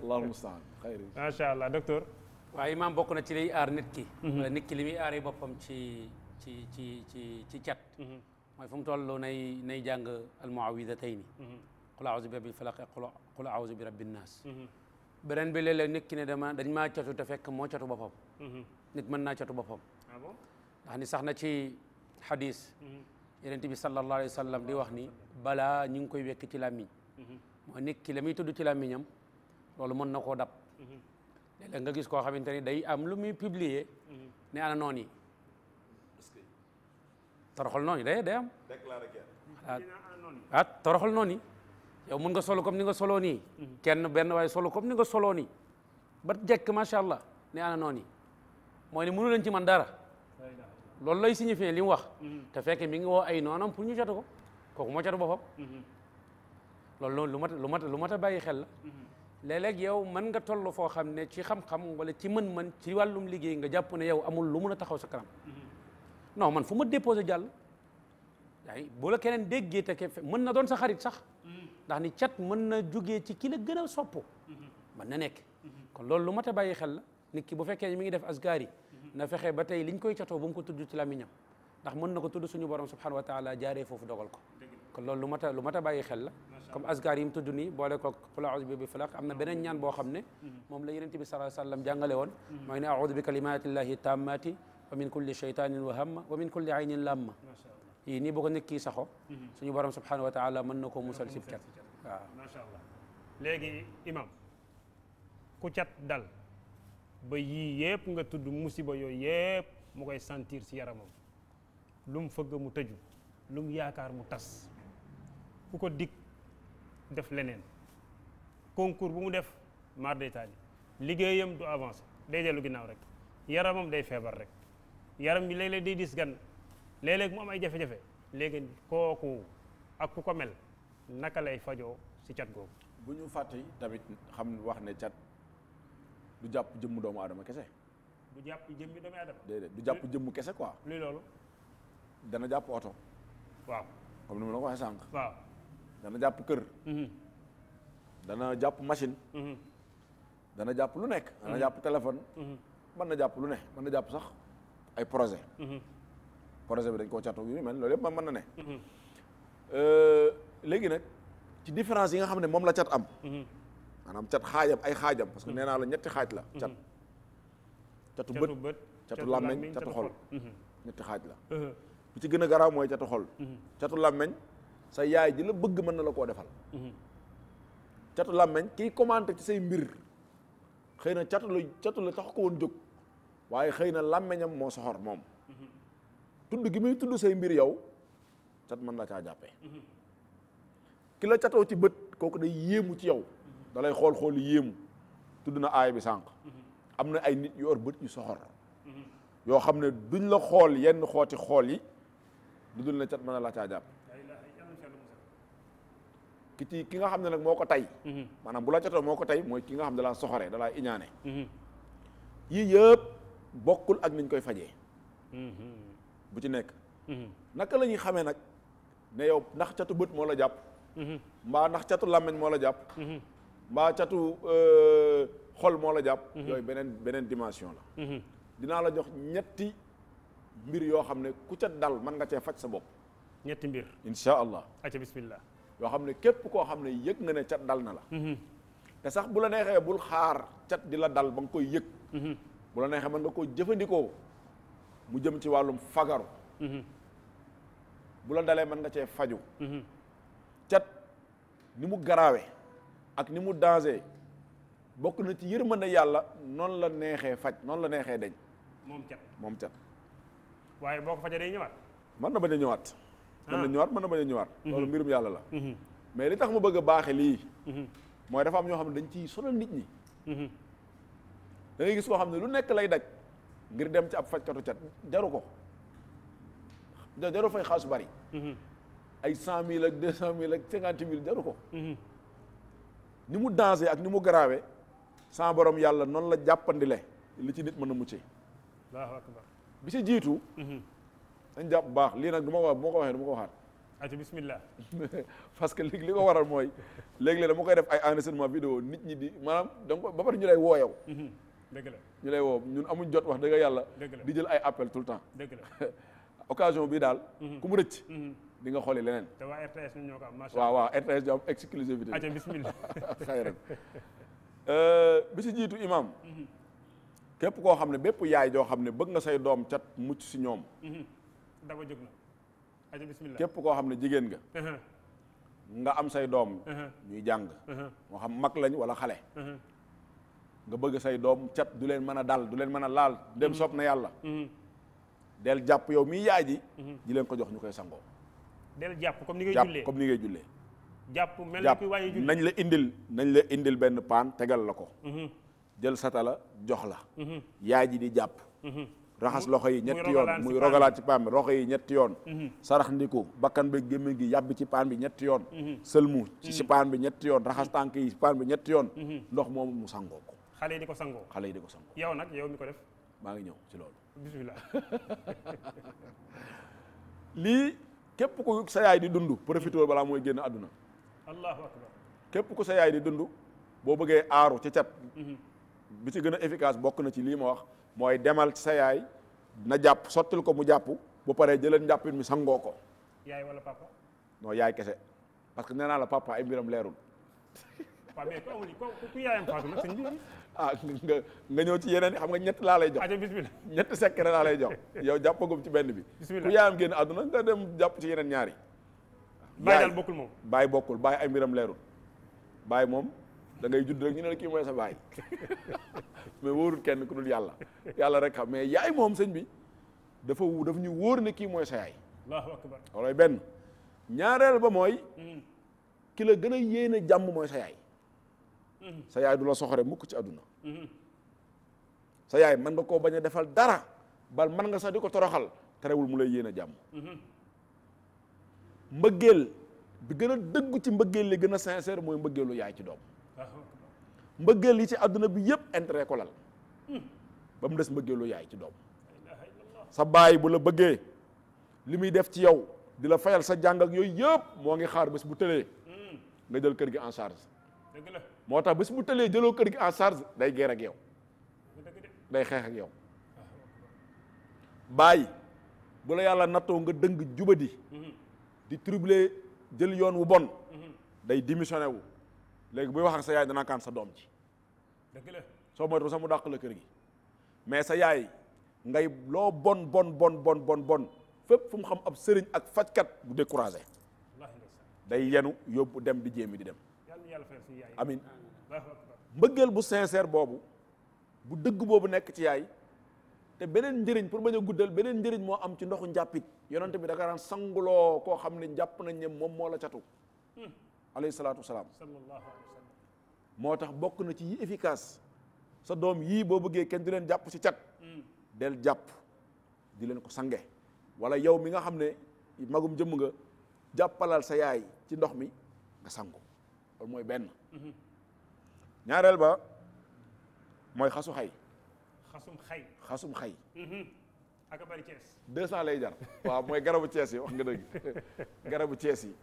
allahul mustaan xayri macha allah docteur waaw imaam bokk na ci liy aar nit ki mhm. wala nit boppam ci cat mhm. mooy fu mu nay nay jàng mhm. qul aawzu bi rabbil falaq qul aawzu bi rabbin naas beneen bi léeg-léeg nit ki ne dama dañ maa catu te fekk moo catu boppam nit mën naa catu boppam ah ndax ni sax ci xadis yonent bi sallallahu Alaihi Wasallam di wax ni balaa ñu ngi koy wekk ci làmmiñ mo nek ki la tuddu tudd ci làmmiñam lolu mën nako dab léeg nga gis ko xamanteni day am lu muy publier ne ana noni yi noni day day am ah toroxal noni yow mën nga solo comme ni nga solo ni kenn ben way solo comme ni nga solo ni ba jekk macha allah ne ana noni moy ni mënu lañ ci man dara loolu lay signifié li mu wax. Mhm. te fekk mi ngi woo ay noonam pour ñu jotu ko kooku moo jotu boppam. Mhm. loolu loolu lu mat lu mat lu mat a bàyyi xel la. Mhm. léeg-léeg yow mën nga toll foo xam ne ci xam-xam wala ci mën man ci wàllum liggéey nga jàpp ne yow amul lu mun a taxaw sa kanam. non man fu ma déposé jàll. ay bu keneen déggee te ke mën na doon sa xarit sax. ndax ni cat mën na jugee ci ki la gën a sopp man na nekk. kon loolu lu mat a bàyyi xel la nit ki bu fekkee mi ngi def asgaar yi na fexe ba tey liñ koy catoo ba mu ko tudd ci làmmiñam ndax mën na ko tudd suñu borom subhanahu wa taala jaaree foofu dogal ko kon loolu lu mat a lu mat a bàyyi xel la comme asgar yi mu tudd nii boole ko qul a'udhu bi bi falaq am na beneen ñaan boo xam ne moom la yonent bi sallallahu alayhi wa sallam jàngale woon mooy ne a'udhu bi kalimatillahi tammati wa min kulli shaytanin wa hamma wa min kulli aynin lamma yii nii boo ko nekk kii saxo suñu borom subhanahu wa taala mën na koo musal si cat waaw macha allah léegi imam ku cat dal ba yii yëpp nga tudd musiba yooyu yëpp mu koy sentir si yaramam lu mu fëgg mu tëju lu mu yaakaar mu tas ku ko dikk def leneen concours bu mu def mar d'état liggéeyam du avancé day dellu ginnaaw rek yaramam day feebar rek yaram bi léeg-léeg day dis gan léeg-léeg mu am ay jafe-jafe léegi kooku ak ku ko mel naka lay fajoo ci cat googu bu ñu fàtte tamit xam wax ne cat du jàpp jëmmu doomu aadama kese. du jàpp jëmmi doomu aadama. déedéet du kese quoi. dana jàpp oto. waaw ni ma la ko waxee sànq. dana jàpp kër. Mhm. dana jàpp machine. Mhm. dana jàpp lu nekk. dana mhm. jàpp téléphone. mën na jàpp lu ne mën na jàpp sax ay projet. projet bi dañ koo catoo yu ni mel loolu yëpp mën na ne. Euh, léegi nag ci différence yi nga xam ne moom la cat am. manam cat xajam ay xajam parce que nee la ñetti xaj la cat mm-hmm. catu beut chat lamagne catu xol mm-hmm. ñetti xaj la uh-huh. bi ci gëna garaw moy mooy xol mm-hmm. catu lamagne sa yaay ji la bëgg mëna la ko defal chat lamagne ki commenté ci say mbir xeyna na catu la catu la tax ko won jóg waye xeyna lamagne mo soxor mom tudd gi muy tudd say mbir yow cat man la caa jappé ki la catoo ci beut koku day yému ci yow da xool xool yéemu tudd na aay bi sànq am na ay nit yu yor bët yu soxor yoo xam ne duñ la xool yenn xooti xool yi du dul na cat mën a la caa jàpp ki ci ki nga xam ne nag moo ko tey maanaam bu la catoo moo ko tey mooy ki nga xam ne dalaa soxore dalaa iñaane yii yëpp bokkul ak niñ koy fajee bu ci nekk naka lañuy ñuy xamee nag ne yow ndax catu bët moo la jàpp mbaa ndax catu làmmiñ moo la jàpp Baca tu eh, xol mo la japp mhm. yoy benen benen dimension la mhm. dina la jox ñetti mbir yo xamne ku ca dal man nga cee fajj sa bop ñetti mbir insha allah acha bismillah yo xamne kep ko xamne yek nga ne ca dal na la mhm. te sax bu la neexee bul xaar ca di dal bangku yek koy yek bu la neexee man nga ko jëfëndiko mu jëm ci walum fagaru bu la dalé man nga faju ca ni mu ak ni mu danger bokk na ci mën yërmande yàlla noonu la neexee faj noonu la neexee dañ. moom cat moom cat. waaye boo ko fajee day ñëwaat. mën na bañ a ñëwaat. Ah. mën na mën na bañ a ñëwaat. Mhm. loolu mbirum yàlla la. Mhm. mais li tax mu bëgg a baaxe lii. Mhm. mooy dafa am ñoo xam ne dañ ci sonal nit ñi. da ngay gis koo xam ne lu nekk lay daj ngir dem ci ab fajkatu cat jaru ko jaru fay xaasu bari. ay cent mille ak deux cent mille ak cinquante mille jaru ko. ni mu danger ak ni mu garaawee sans borom yàlla noonu la jàppandile li ci nit mën a muccee. waaw bi ci jiitu. Mhm. dañ jàpp baax lii nag du ma wax bu ma ko waxee du ma ko waxaat. ati bismillah. parce que li li ko waral mooy léeg-léeg dama koy def ay enregistrement vidéo nit ñi di maanaam donc ba pare ñu lay woo yow. Mhm. dëgg ñu lay woo ñun amuñ jot wax dëgg yàlla. di jël ay appel tout le temps. dëgg la occasion bi daal. Mhm. ku rëcc. di nga xooli leneen. te waa RTS ñu ñoo ko am macha allah waaw waaw RTS ñoo exclusivité. exclusivité. ayca bismillah xayran euh, bi si jiitu imam mhm. képp koo xam ne bépp yaay joo xam ne bëgg nga say doom cat mucc si ñoom. Mhm. dama jóg na ayca bismillah képp koo xam ne jigéen nga. nga am say doom. ñuy jàng. moo xam mag lañ wala xale. nga bëgg say doom cat du leen mën a dal du leen mën a laal. dem mhm. sopp na yàlla. del jàpp yow mi yaay ji. di leen ko jox ñu koy sangoo. del jàpp comme ni ngay jullee comme ni ngay jullee. jàpp mel ni nañ la indil nañ la indil benn paan tegal la ko. Mhm. jël satala jox la. Mhm. yaay ji di jàpp. Mhm. raxas loxo yi ñetti yoon muy rogalaat ci paan bi roxo yi ñetti yoon. sarax bakkan bi gémmiñ gi yàbbi ci paan bi ñetti yoon. sëlmu ci si paan bi ñetti yoon raxas tànk yi ci paan bi ñetti yoon. ndox moom mu sangoo ko. xale yi di ko sangoo xale yi di ko sangoo. yow nag yow mi ko def. maa ngi ñëw ci loolu. bisimilah. lii. képp ko sa yaay di dund profité balaa mooy génn àdduna allahu akbar képp ku sa yaay di dund boo bëggee aaru ci cat mhm. bi ci gën a efficace bokk na ci lii ma wax mooy demal ci sa yaay na jàpp sottil ko mu jàpp bu paree jëlal njàppit mi sangoo ko yaay wala papa non yaay kese parce que nee naa la papa ay mbiram leerul waaw mais ku amul yaayam faatu nag sëñ bi ah nga nga ñëw ci yeneen xam nga ñett laa lay jox aja bismillah ñett secret laa lay jox yow jàppagum ci benn bi ku yaayam génn àdduna nga dem jàpp ci yeneen ñaari bàyyi bokkul moom bàyyi bokkul bàyyi ay mbiram leerul bàyyi moom da ngay judd rek ñu ne la sa baay mais wóorul kenn ku dul yàlla yàlla rek xam mais yaay moom sëñ bi dafa daf ñu wóor ne kii mooy sa yaay allahu akbar benn ñaareel ba mooy hmm. ki la gën a yéene jàmm mooy sa yaay sa yaay du la soxore mukk ci àdduna mm-hmm. sa yaay mën nga koo bañ a defal dara bal mën nga sax di ko toroxal terewul mu lay yéene jàmm mm-hmm. mbëggeel bi gën a dëggu ci mbëggeel li gën a sincère mooy mbëggeelu yaay ci doom mbëggeel yi ci àdduna bi yëpp intérêt mm. ba mu des mbëggeelu yaay ci doom sa baay bu la bëggee li muy def ci yow di la fayal sa jàng ak yooyu yëpp moo ngi xaar bés bu tëlee mm. nga jël kër gi en charge moo tax si mu tëlee jëloo kër gi en charge day geer ak yow day xeex ak yow bàyyi bu la yàlla nattoo nga dëng juba di di troubler jël yoon wu bon day démissionné wu léegi buy wax sa yaay danaa sa doom ci dëgg la soo moytu sax mu dàq la kër gi mais sa yaay ngay loo bon bon bon bon bon bon fépp fu mu xam ab sëriñ ak fajkat bu découragé day yenu yóbbu dem di jéemi di dem amin mbeugel bu sincère bobu bu deug bobu nek ci yaay te benen ndirign pour bañ guddal benen ndirign mo am ci ndoxu njapit yonent bi da ka ran sanguloo ko xamni njap nañ ne mom mo la ciatu hmm. alayhi salaatu wasalaam moo tax na ci efficace sa dom yi bo beugé ken di len japp ci ciat hmm. del japp di len ko sangé wala yow mi nga xamné magum jëm nga jappalal sa yaay ci ndox mi nga sangu loolu mooy benn. ñaareel ba mooy xasu xay. xasum xay xasum xay. ak bari Cees. 200 lay jar waaw mooy garabu Cees yi wax nga dëgg Cees yi.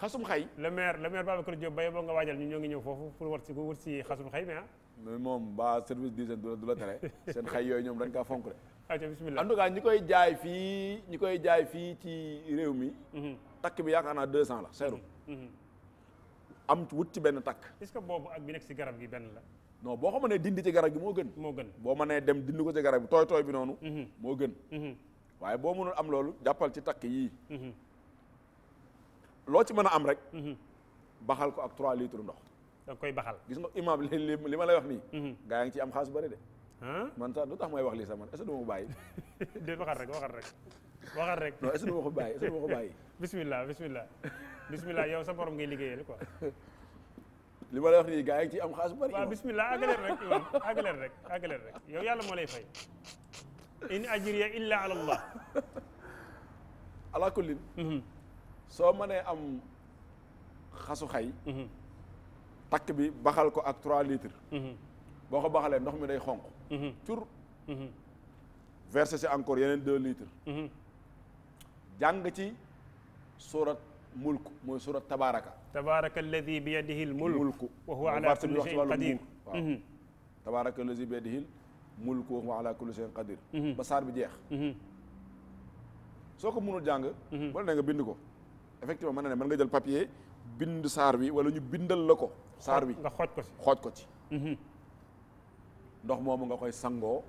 xasum xay. le maire le maire Babacar Diop Baye boo nga waajal ñu ñoo ngi ñëw foofu pour war si pour war si xasum xay ah. mais moom ba service d'hygiène du la du la tere seen xay yooyu ñoom dañ kaa fonk de. ayca bismillah koy jaay fii ñu koy jaay fii ci réew mi. Mhm. takk bi yaakaar naa deux ans la seeru mm-hmm. Mm-hmm. am wut ci benn takk. est-ce que boobu ak bi nekk ci garab gi benn la. non boo ko mënee dindi ci garab gi moo gën. moo gën boo mënee dem dindi ko ci garab gi tooy tooy bi noonu. Mm-hmm. moo gën. waaye boo mënul am loolu jàppal ci takk yii. loo ci mën a am rek. baxal ko ak 3 litres ndox. da koy baxal gis nga imaam li li ma lay wax nii. gaa yaa ngi ciy am xaalis bari de. man sax lu tax may wax lii sax man est-ce que du ma ko bàyyi. déedéet waxal rek ko bàyyi. bismillah bismillah bismillah yow sa borom ngay liggéeyal quoi. li ma lay wax ni gaay ci am xaas bari. waaw bismillah agaler rek imam agaler rek agaler rek yow yalla mo lay fay. in ajriya illa ala allah. ala kullin. Mhm. so mané am xasu xay. Mhm. tak bi baxal ko ak 3 litres. Mhm. boo ko baxalee ndox mi day xonq. cur. verser ci encore yenen 2 litres. jang ci. سورة ملك موي سورة تبارك تبارك الذي بيده الملك, الملك. وهو على كل شيء قدير تبارك الذي بيده الملك وهو على كل شيء قدير بصار بجيخ soo ko mënul jàng wala na nga bind ko effectivement mën na ne mën nga jël papier bind saar bi wala ñu bindal la ko saar bi nga xooj ko ci xooj ko ci ndox moomu nga koy sangoo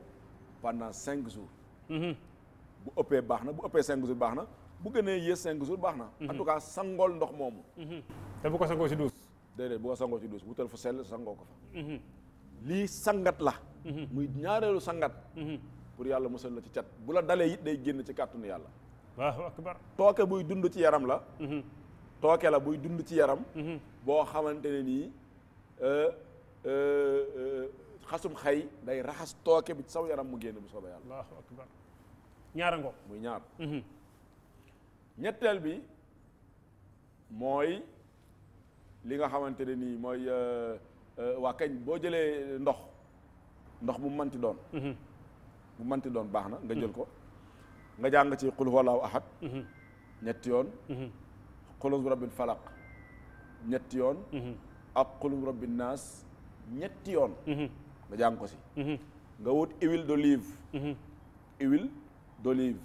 pendant cinq jours bu ëppee baax na bu ëppee cinq jours baax na bu gënee yées cinq jours baax na. Mhm. en tout cas sangool ndox moomu. Mhm. te bu ko sangoo ci douche. déedéet bu ko sangoo ci douche wutal fu sell sangoo ko fa. Mhm. lii sangat la. muy ñaareelu sangat. pour yàlla mu musal la ci cat bu la dalee it day génn ci kàttanu yàlla. waaw tooke buy dund ci yaram la. tooke la buy dund ci yaram. boo xamante ne nii euh, euh, euh, xasum xay day raxas tooke bi ci saw yaram mu génn bu soobee yàlla. waaw akbar muy ñaar. ñetteel bi mooy li nga xamante ne nii mooy euh, euh, waa kañ boo jëlee ndox ndox mu manti doon mhm. mu manti doon baax na nga jël mhm. ko nga jàng ci qul huwallahu ahad mhm. ñetti yoon qul rabbil falaq ñetti yoon ak qul rabbin naas ñetti yoon nga jàng ko si nga wut huile d'olive huile d'olive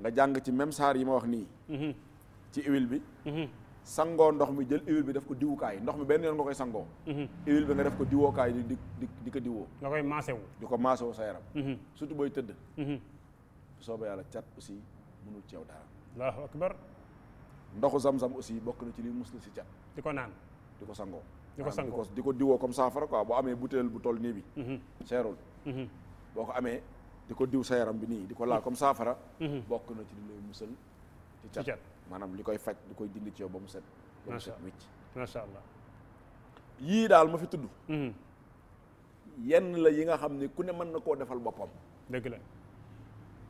nga jang ci même sar yi ma wax nii mhm. ci huile bi mhm. sango ndox mi jël huile bi daf ko kay ndox mi ben yon nga koy sangoo mhm. huile bi nga def ko diwookaay di di di ko diwo nga koy wu diko masé wu sa yaram surtout booy tëdd sooba yalla chat aussi ci yow dara allahu akbar ndoxu zam-zam aussi bokk na ci li musul ci chat diko nan diko sango diko sango diko diwo sangoo di ko diwoo comme saafara quoi bo amé bouteille bu toll ni bi seerul boo ko diko diw sa yaram bi ni diko la laal comme saafara mhm. bokku na ci di lay musal ci cat manam likoy fajj faj di dindi ci yow ba mu set ma sha wicc allah yi dal ma fi tudd mhm. yenn la yi nga xamni ku ne man nako defal bopam deug la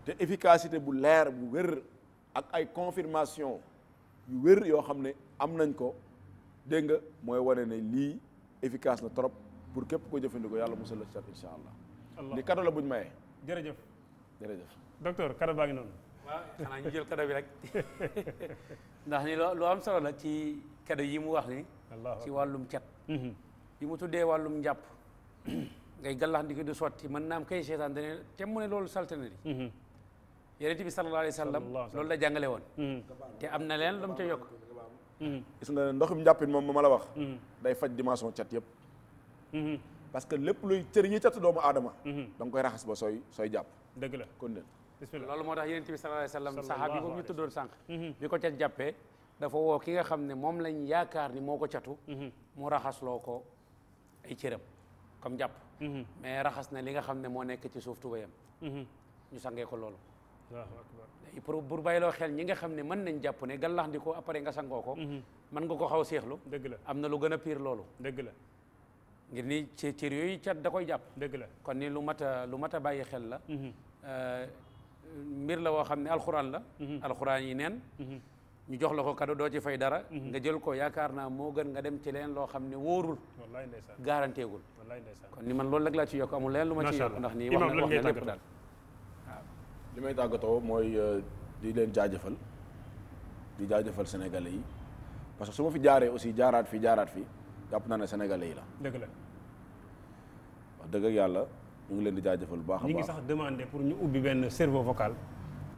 te efficacité bu leer bu wér ak ay confirmation yu wér yo xam am nañ ko deug nga moy wone ne li efficace na trop pour kep ko jëfëndiko yalla musal la ci cat allah li kado la buñ maye jërëjëf. jërëjëf docteur kado ngi noonu. waaw xanaa ñu jël kado bi rek ndax ni loo am solo la ci kado yi mu wax ni. ci wàllum cet. yi mhm. mu tuddee wàllum njàpp. ngay gallax ndiko du sotti mën naam kay seetaan dane te mu ne loolu salte na di mhm. yonent bi sallallahu alayhi wa sallam loolu la jàngale woon mhm. te am na leen lu mu ca yokk nga ndoxum njàppin moom ma la wax day faj dimension cat yëpp parce que lépp luy cër yi catu doomu aadama mhm. da nga koy raxas ba sooy sooy jàpp dëgg la kon nel bismillah loolu moo tax yonent bi sallallahu ko ñu tuddoon sànq mhm. bi ko cat dafa woo ki nga xam ne moom lañ yaakaar ni moo ko catu mhm. mu raxasloo ko ay cëram comme jàpp mais raxas na li nga xam ne moo nekk ci suuf tubayam ñu sangee ko loolu waaw pour bay bàyyiloo xel ñi nga xam ne mën nañ jàpp ne gallax ndiko après nga sangoo ko mën nga ko xaw a dëgg la am na lu gën a pire loolu dëgg la ngir nii ci cër yooyu cat da koy jàpp. dëgg la kon nii lu mat lu mat a bàyyi xel la. Mm-hmm. Euh, mbir la woo xam ne alxuraan la. Mm-hmm. alxuraan yi neen. Mm-hmm. ñu jox la ko kado doo ci fay dara. nga jël ko yaakaar naa moo gën nga dem ci leen loo xam ne wóorul. wallaay ndeysaan garanteegul. wallaay ndeysaan kon ni man loolu rek laa ci yokk amul leen lu ma ci yokk ndax nii wax na wax na lépp daal. waaw li may tàggatoo mooy euh, di leen jaajëfal di jaajëfal sénégalais yi parce que su ma fi jaaree aussi jaaraat fi jaaraat fi. jàpp naa ne sénégalais yi la. dëgg la. wax dëgg yàlla ñu ngi leen di jaajëfal jëfal baax a baax. ñu ngi sax pour ñu ubbi benn cerveau vocal.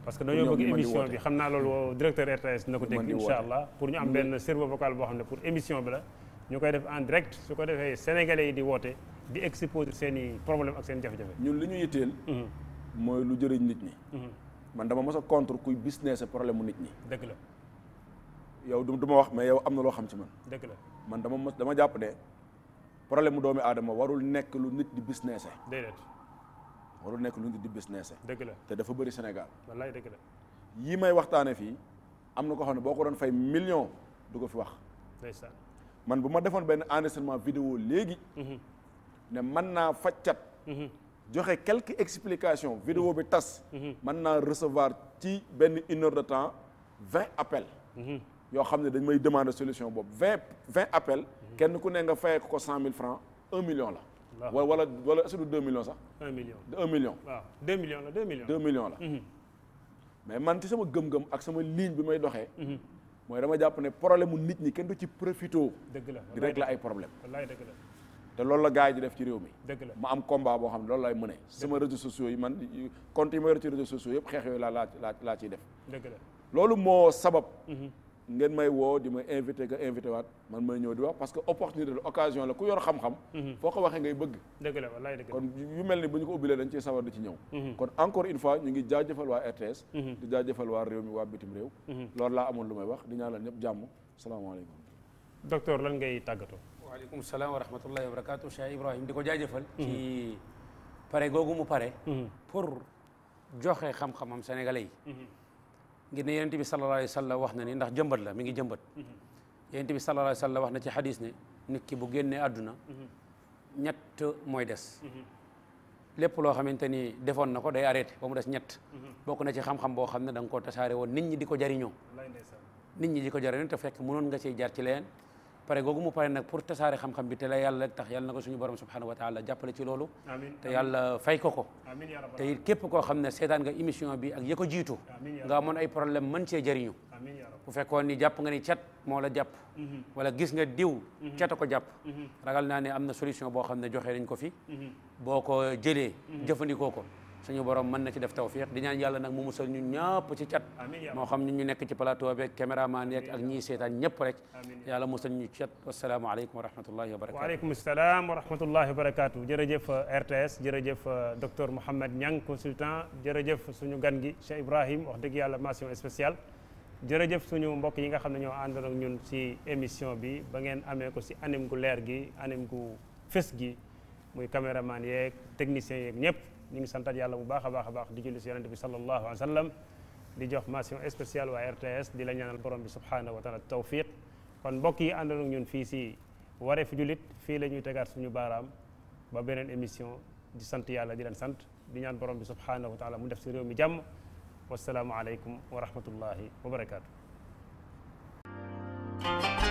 parce que dañoo bëgg émission bi xam naa loolu mm-hmm. directeur RTS na ko dégg incha allah pour ñu am mm-hmm. benn cerveau vocal boo xam ne pour émission bi la ñu koy def en direct su ko defee sénégalais yi di woote di exposer seen i problème ak seen jafe-jafe ñun li ñu yitteel mm-hmm. mooy lu jëriñ nit ñi man dama mos a contre kuy business problème mu nit ñi dëgg yow du du ma wax mais yow am na loo xam ci man. dëgg la man dama ma dama jàpp ne problème mu doomi aadama warul nekk lu nit di business. déedéet. warul nekk lu nit di business. dëgg te dafa bëri Sénégal. wallaay dëgg la. yii may waxtaanee fii am na ko xam ne boo ko doon fay million du ko fi wax. ndeysaan man bu ma defoon benn enregistrement vidéo léegi. Mhm. ne man naa fajcat. Mhm. joxe quelques explication vidéo bi tas. man mhm. naa recevoir ci benn une heure temps vingt appel qui ont demandé la solution. 20, 20 appels, quelqu'un qui a fait 100 000 francs, 1 million. Là. Là. Voilà, voilà, 2 millions ça 1 million. 1 million. Là. 2 millions là, 2 millions. 2 millions là. Mm -hmm. Mais moi, je suis ligne, je suis dit que le problème est que les gens profitent de régler les problèmes. C'est ce que je fais dans le un combat, c'est ce que je fais. Sur les réseaux sociaux, je continue sur les réseaux sociaux, je fais ce que je fais. C'est ce que je fais. ngeen may woo di ma invité nga invité waat man may ñëw di wax parce que opportunité la occasion la ku yor xam-xam mhm. foo ko waxee ngay bëgg kon yu mel ni bu ñu ko ubbilee dañ ciy sawar di ci ñëw mhm. kon encore une fois ñu ngi jaajëfal waa RTS mhm. di jaajëfal waa réew mi waa bitim réew loolu laa amoon lu may wax di ñaanal ñëpp jàmm salaamaaleykum docteur lan ngay tàggatoo waaleykum salaam wa rahmatullahi wa barakatu Cheikh Ibrahim di ko jaajëfal ci pare googu mu pare pour joxe ngir ne yonent bi sallallahu wa sallam wax na ni ndax jëmbat la mi ngi jëmbat mhm. yonent bi wa sallam wax na ci xadis ne nit ki bu génnee àdduna mhm. ñett mooy des mhm. lépp loo xamante ni defoon na ko day arrêté ba mu des ñett bokk na ci xam-xam boo xam ne da ko koo tasaare woon nit ñi di ko jariñoo nit ñi di ko jariñoo te fekk mënoon nga ciy jar ci leen pare googu mu pare nag pour tasaare xam-xam bi te la yàlla rek tax yàlla na ko suñu borom subhanahu wa taala jàppale ci loolu te yàlla fay ko ko te it képp koo xam ne seetaan nga émission bi ak ya ko jiitu nga amoon ay problème mën cee jëriñu jàpp nga ni cat moo la jàpp mhm. wala gis nga diw mhm. cat a ko jàpp mhm. ragal naa ne am solution boo xam ne joxe nañ ko fi boo ko jëlee jëfandikoo ko suñu borom man na ci def tawfiq di ñaan yalla nak mu musal ñun ñëpp ci chat mo xam ñun ñu nekk ci plateau avec cameraman yek ak ñi sétane ñepp rek yalla musal ñu cat ya. ya. ya. wasalaamu alaykum wa rahmatullahi wa wa alaykum assalam wa rahmatullahi wa jërëjëf eh, RTS jërëjëf eh, docteur Mouhamed Niang consultant jërëjëf suñu gan gi Cheikh Ibrahim wax deug yalla mention spéciale jërëjëf suñu mbokk yi nga xam ne ñoo àndoon ak ñun ci émission bi ba ngeen amé ko ci anim gu lèr gi anim gu fess gi muy cameraman yek technicien yek ñepp ñu ngi santat yàlla bu baax a baax a baax di julli si yonente bi sallallahu alayhi wa di jox mention spécial wa RTS di la ñaanal borom bi subhanahu wa taala tawfiq kon mbokk yi àndoon ak ñun fii si wareef julit fii la ñuy tegaat suñu baaraam ba beneen émission di sant yàlla di leen sant di ñaan borom bi subhanahu wa taala mu def si réew mi jàmm wassalaamu alaykum wa rahmatullahi wa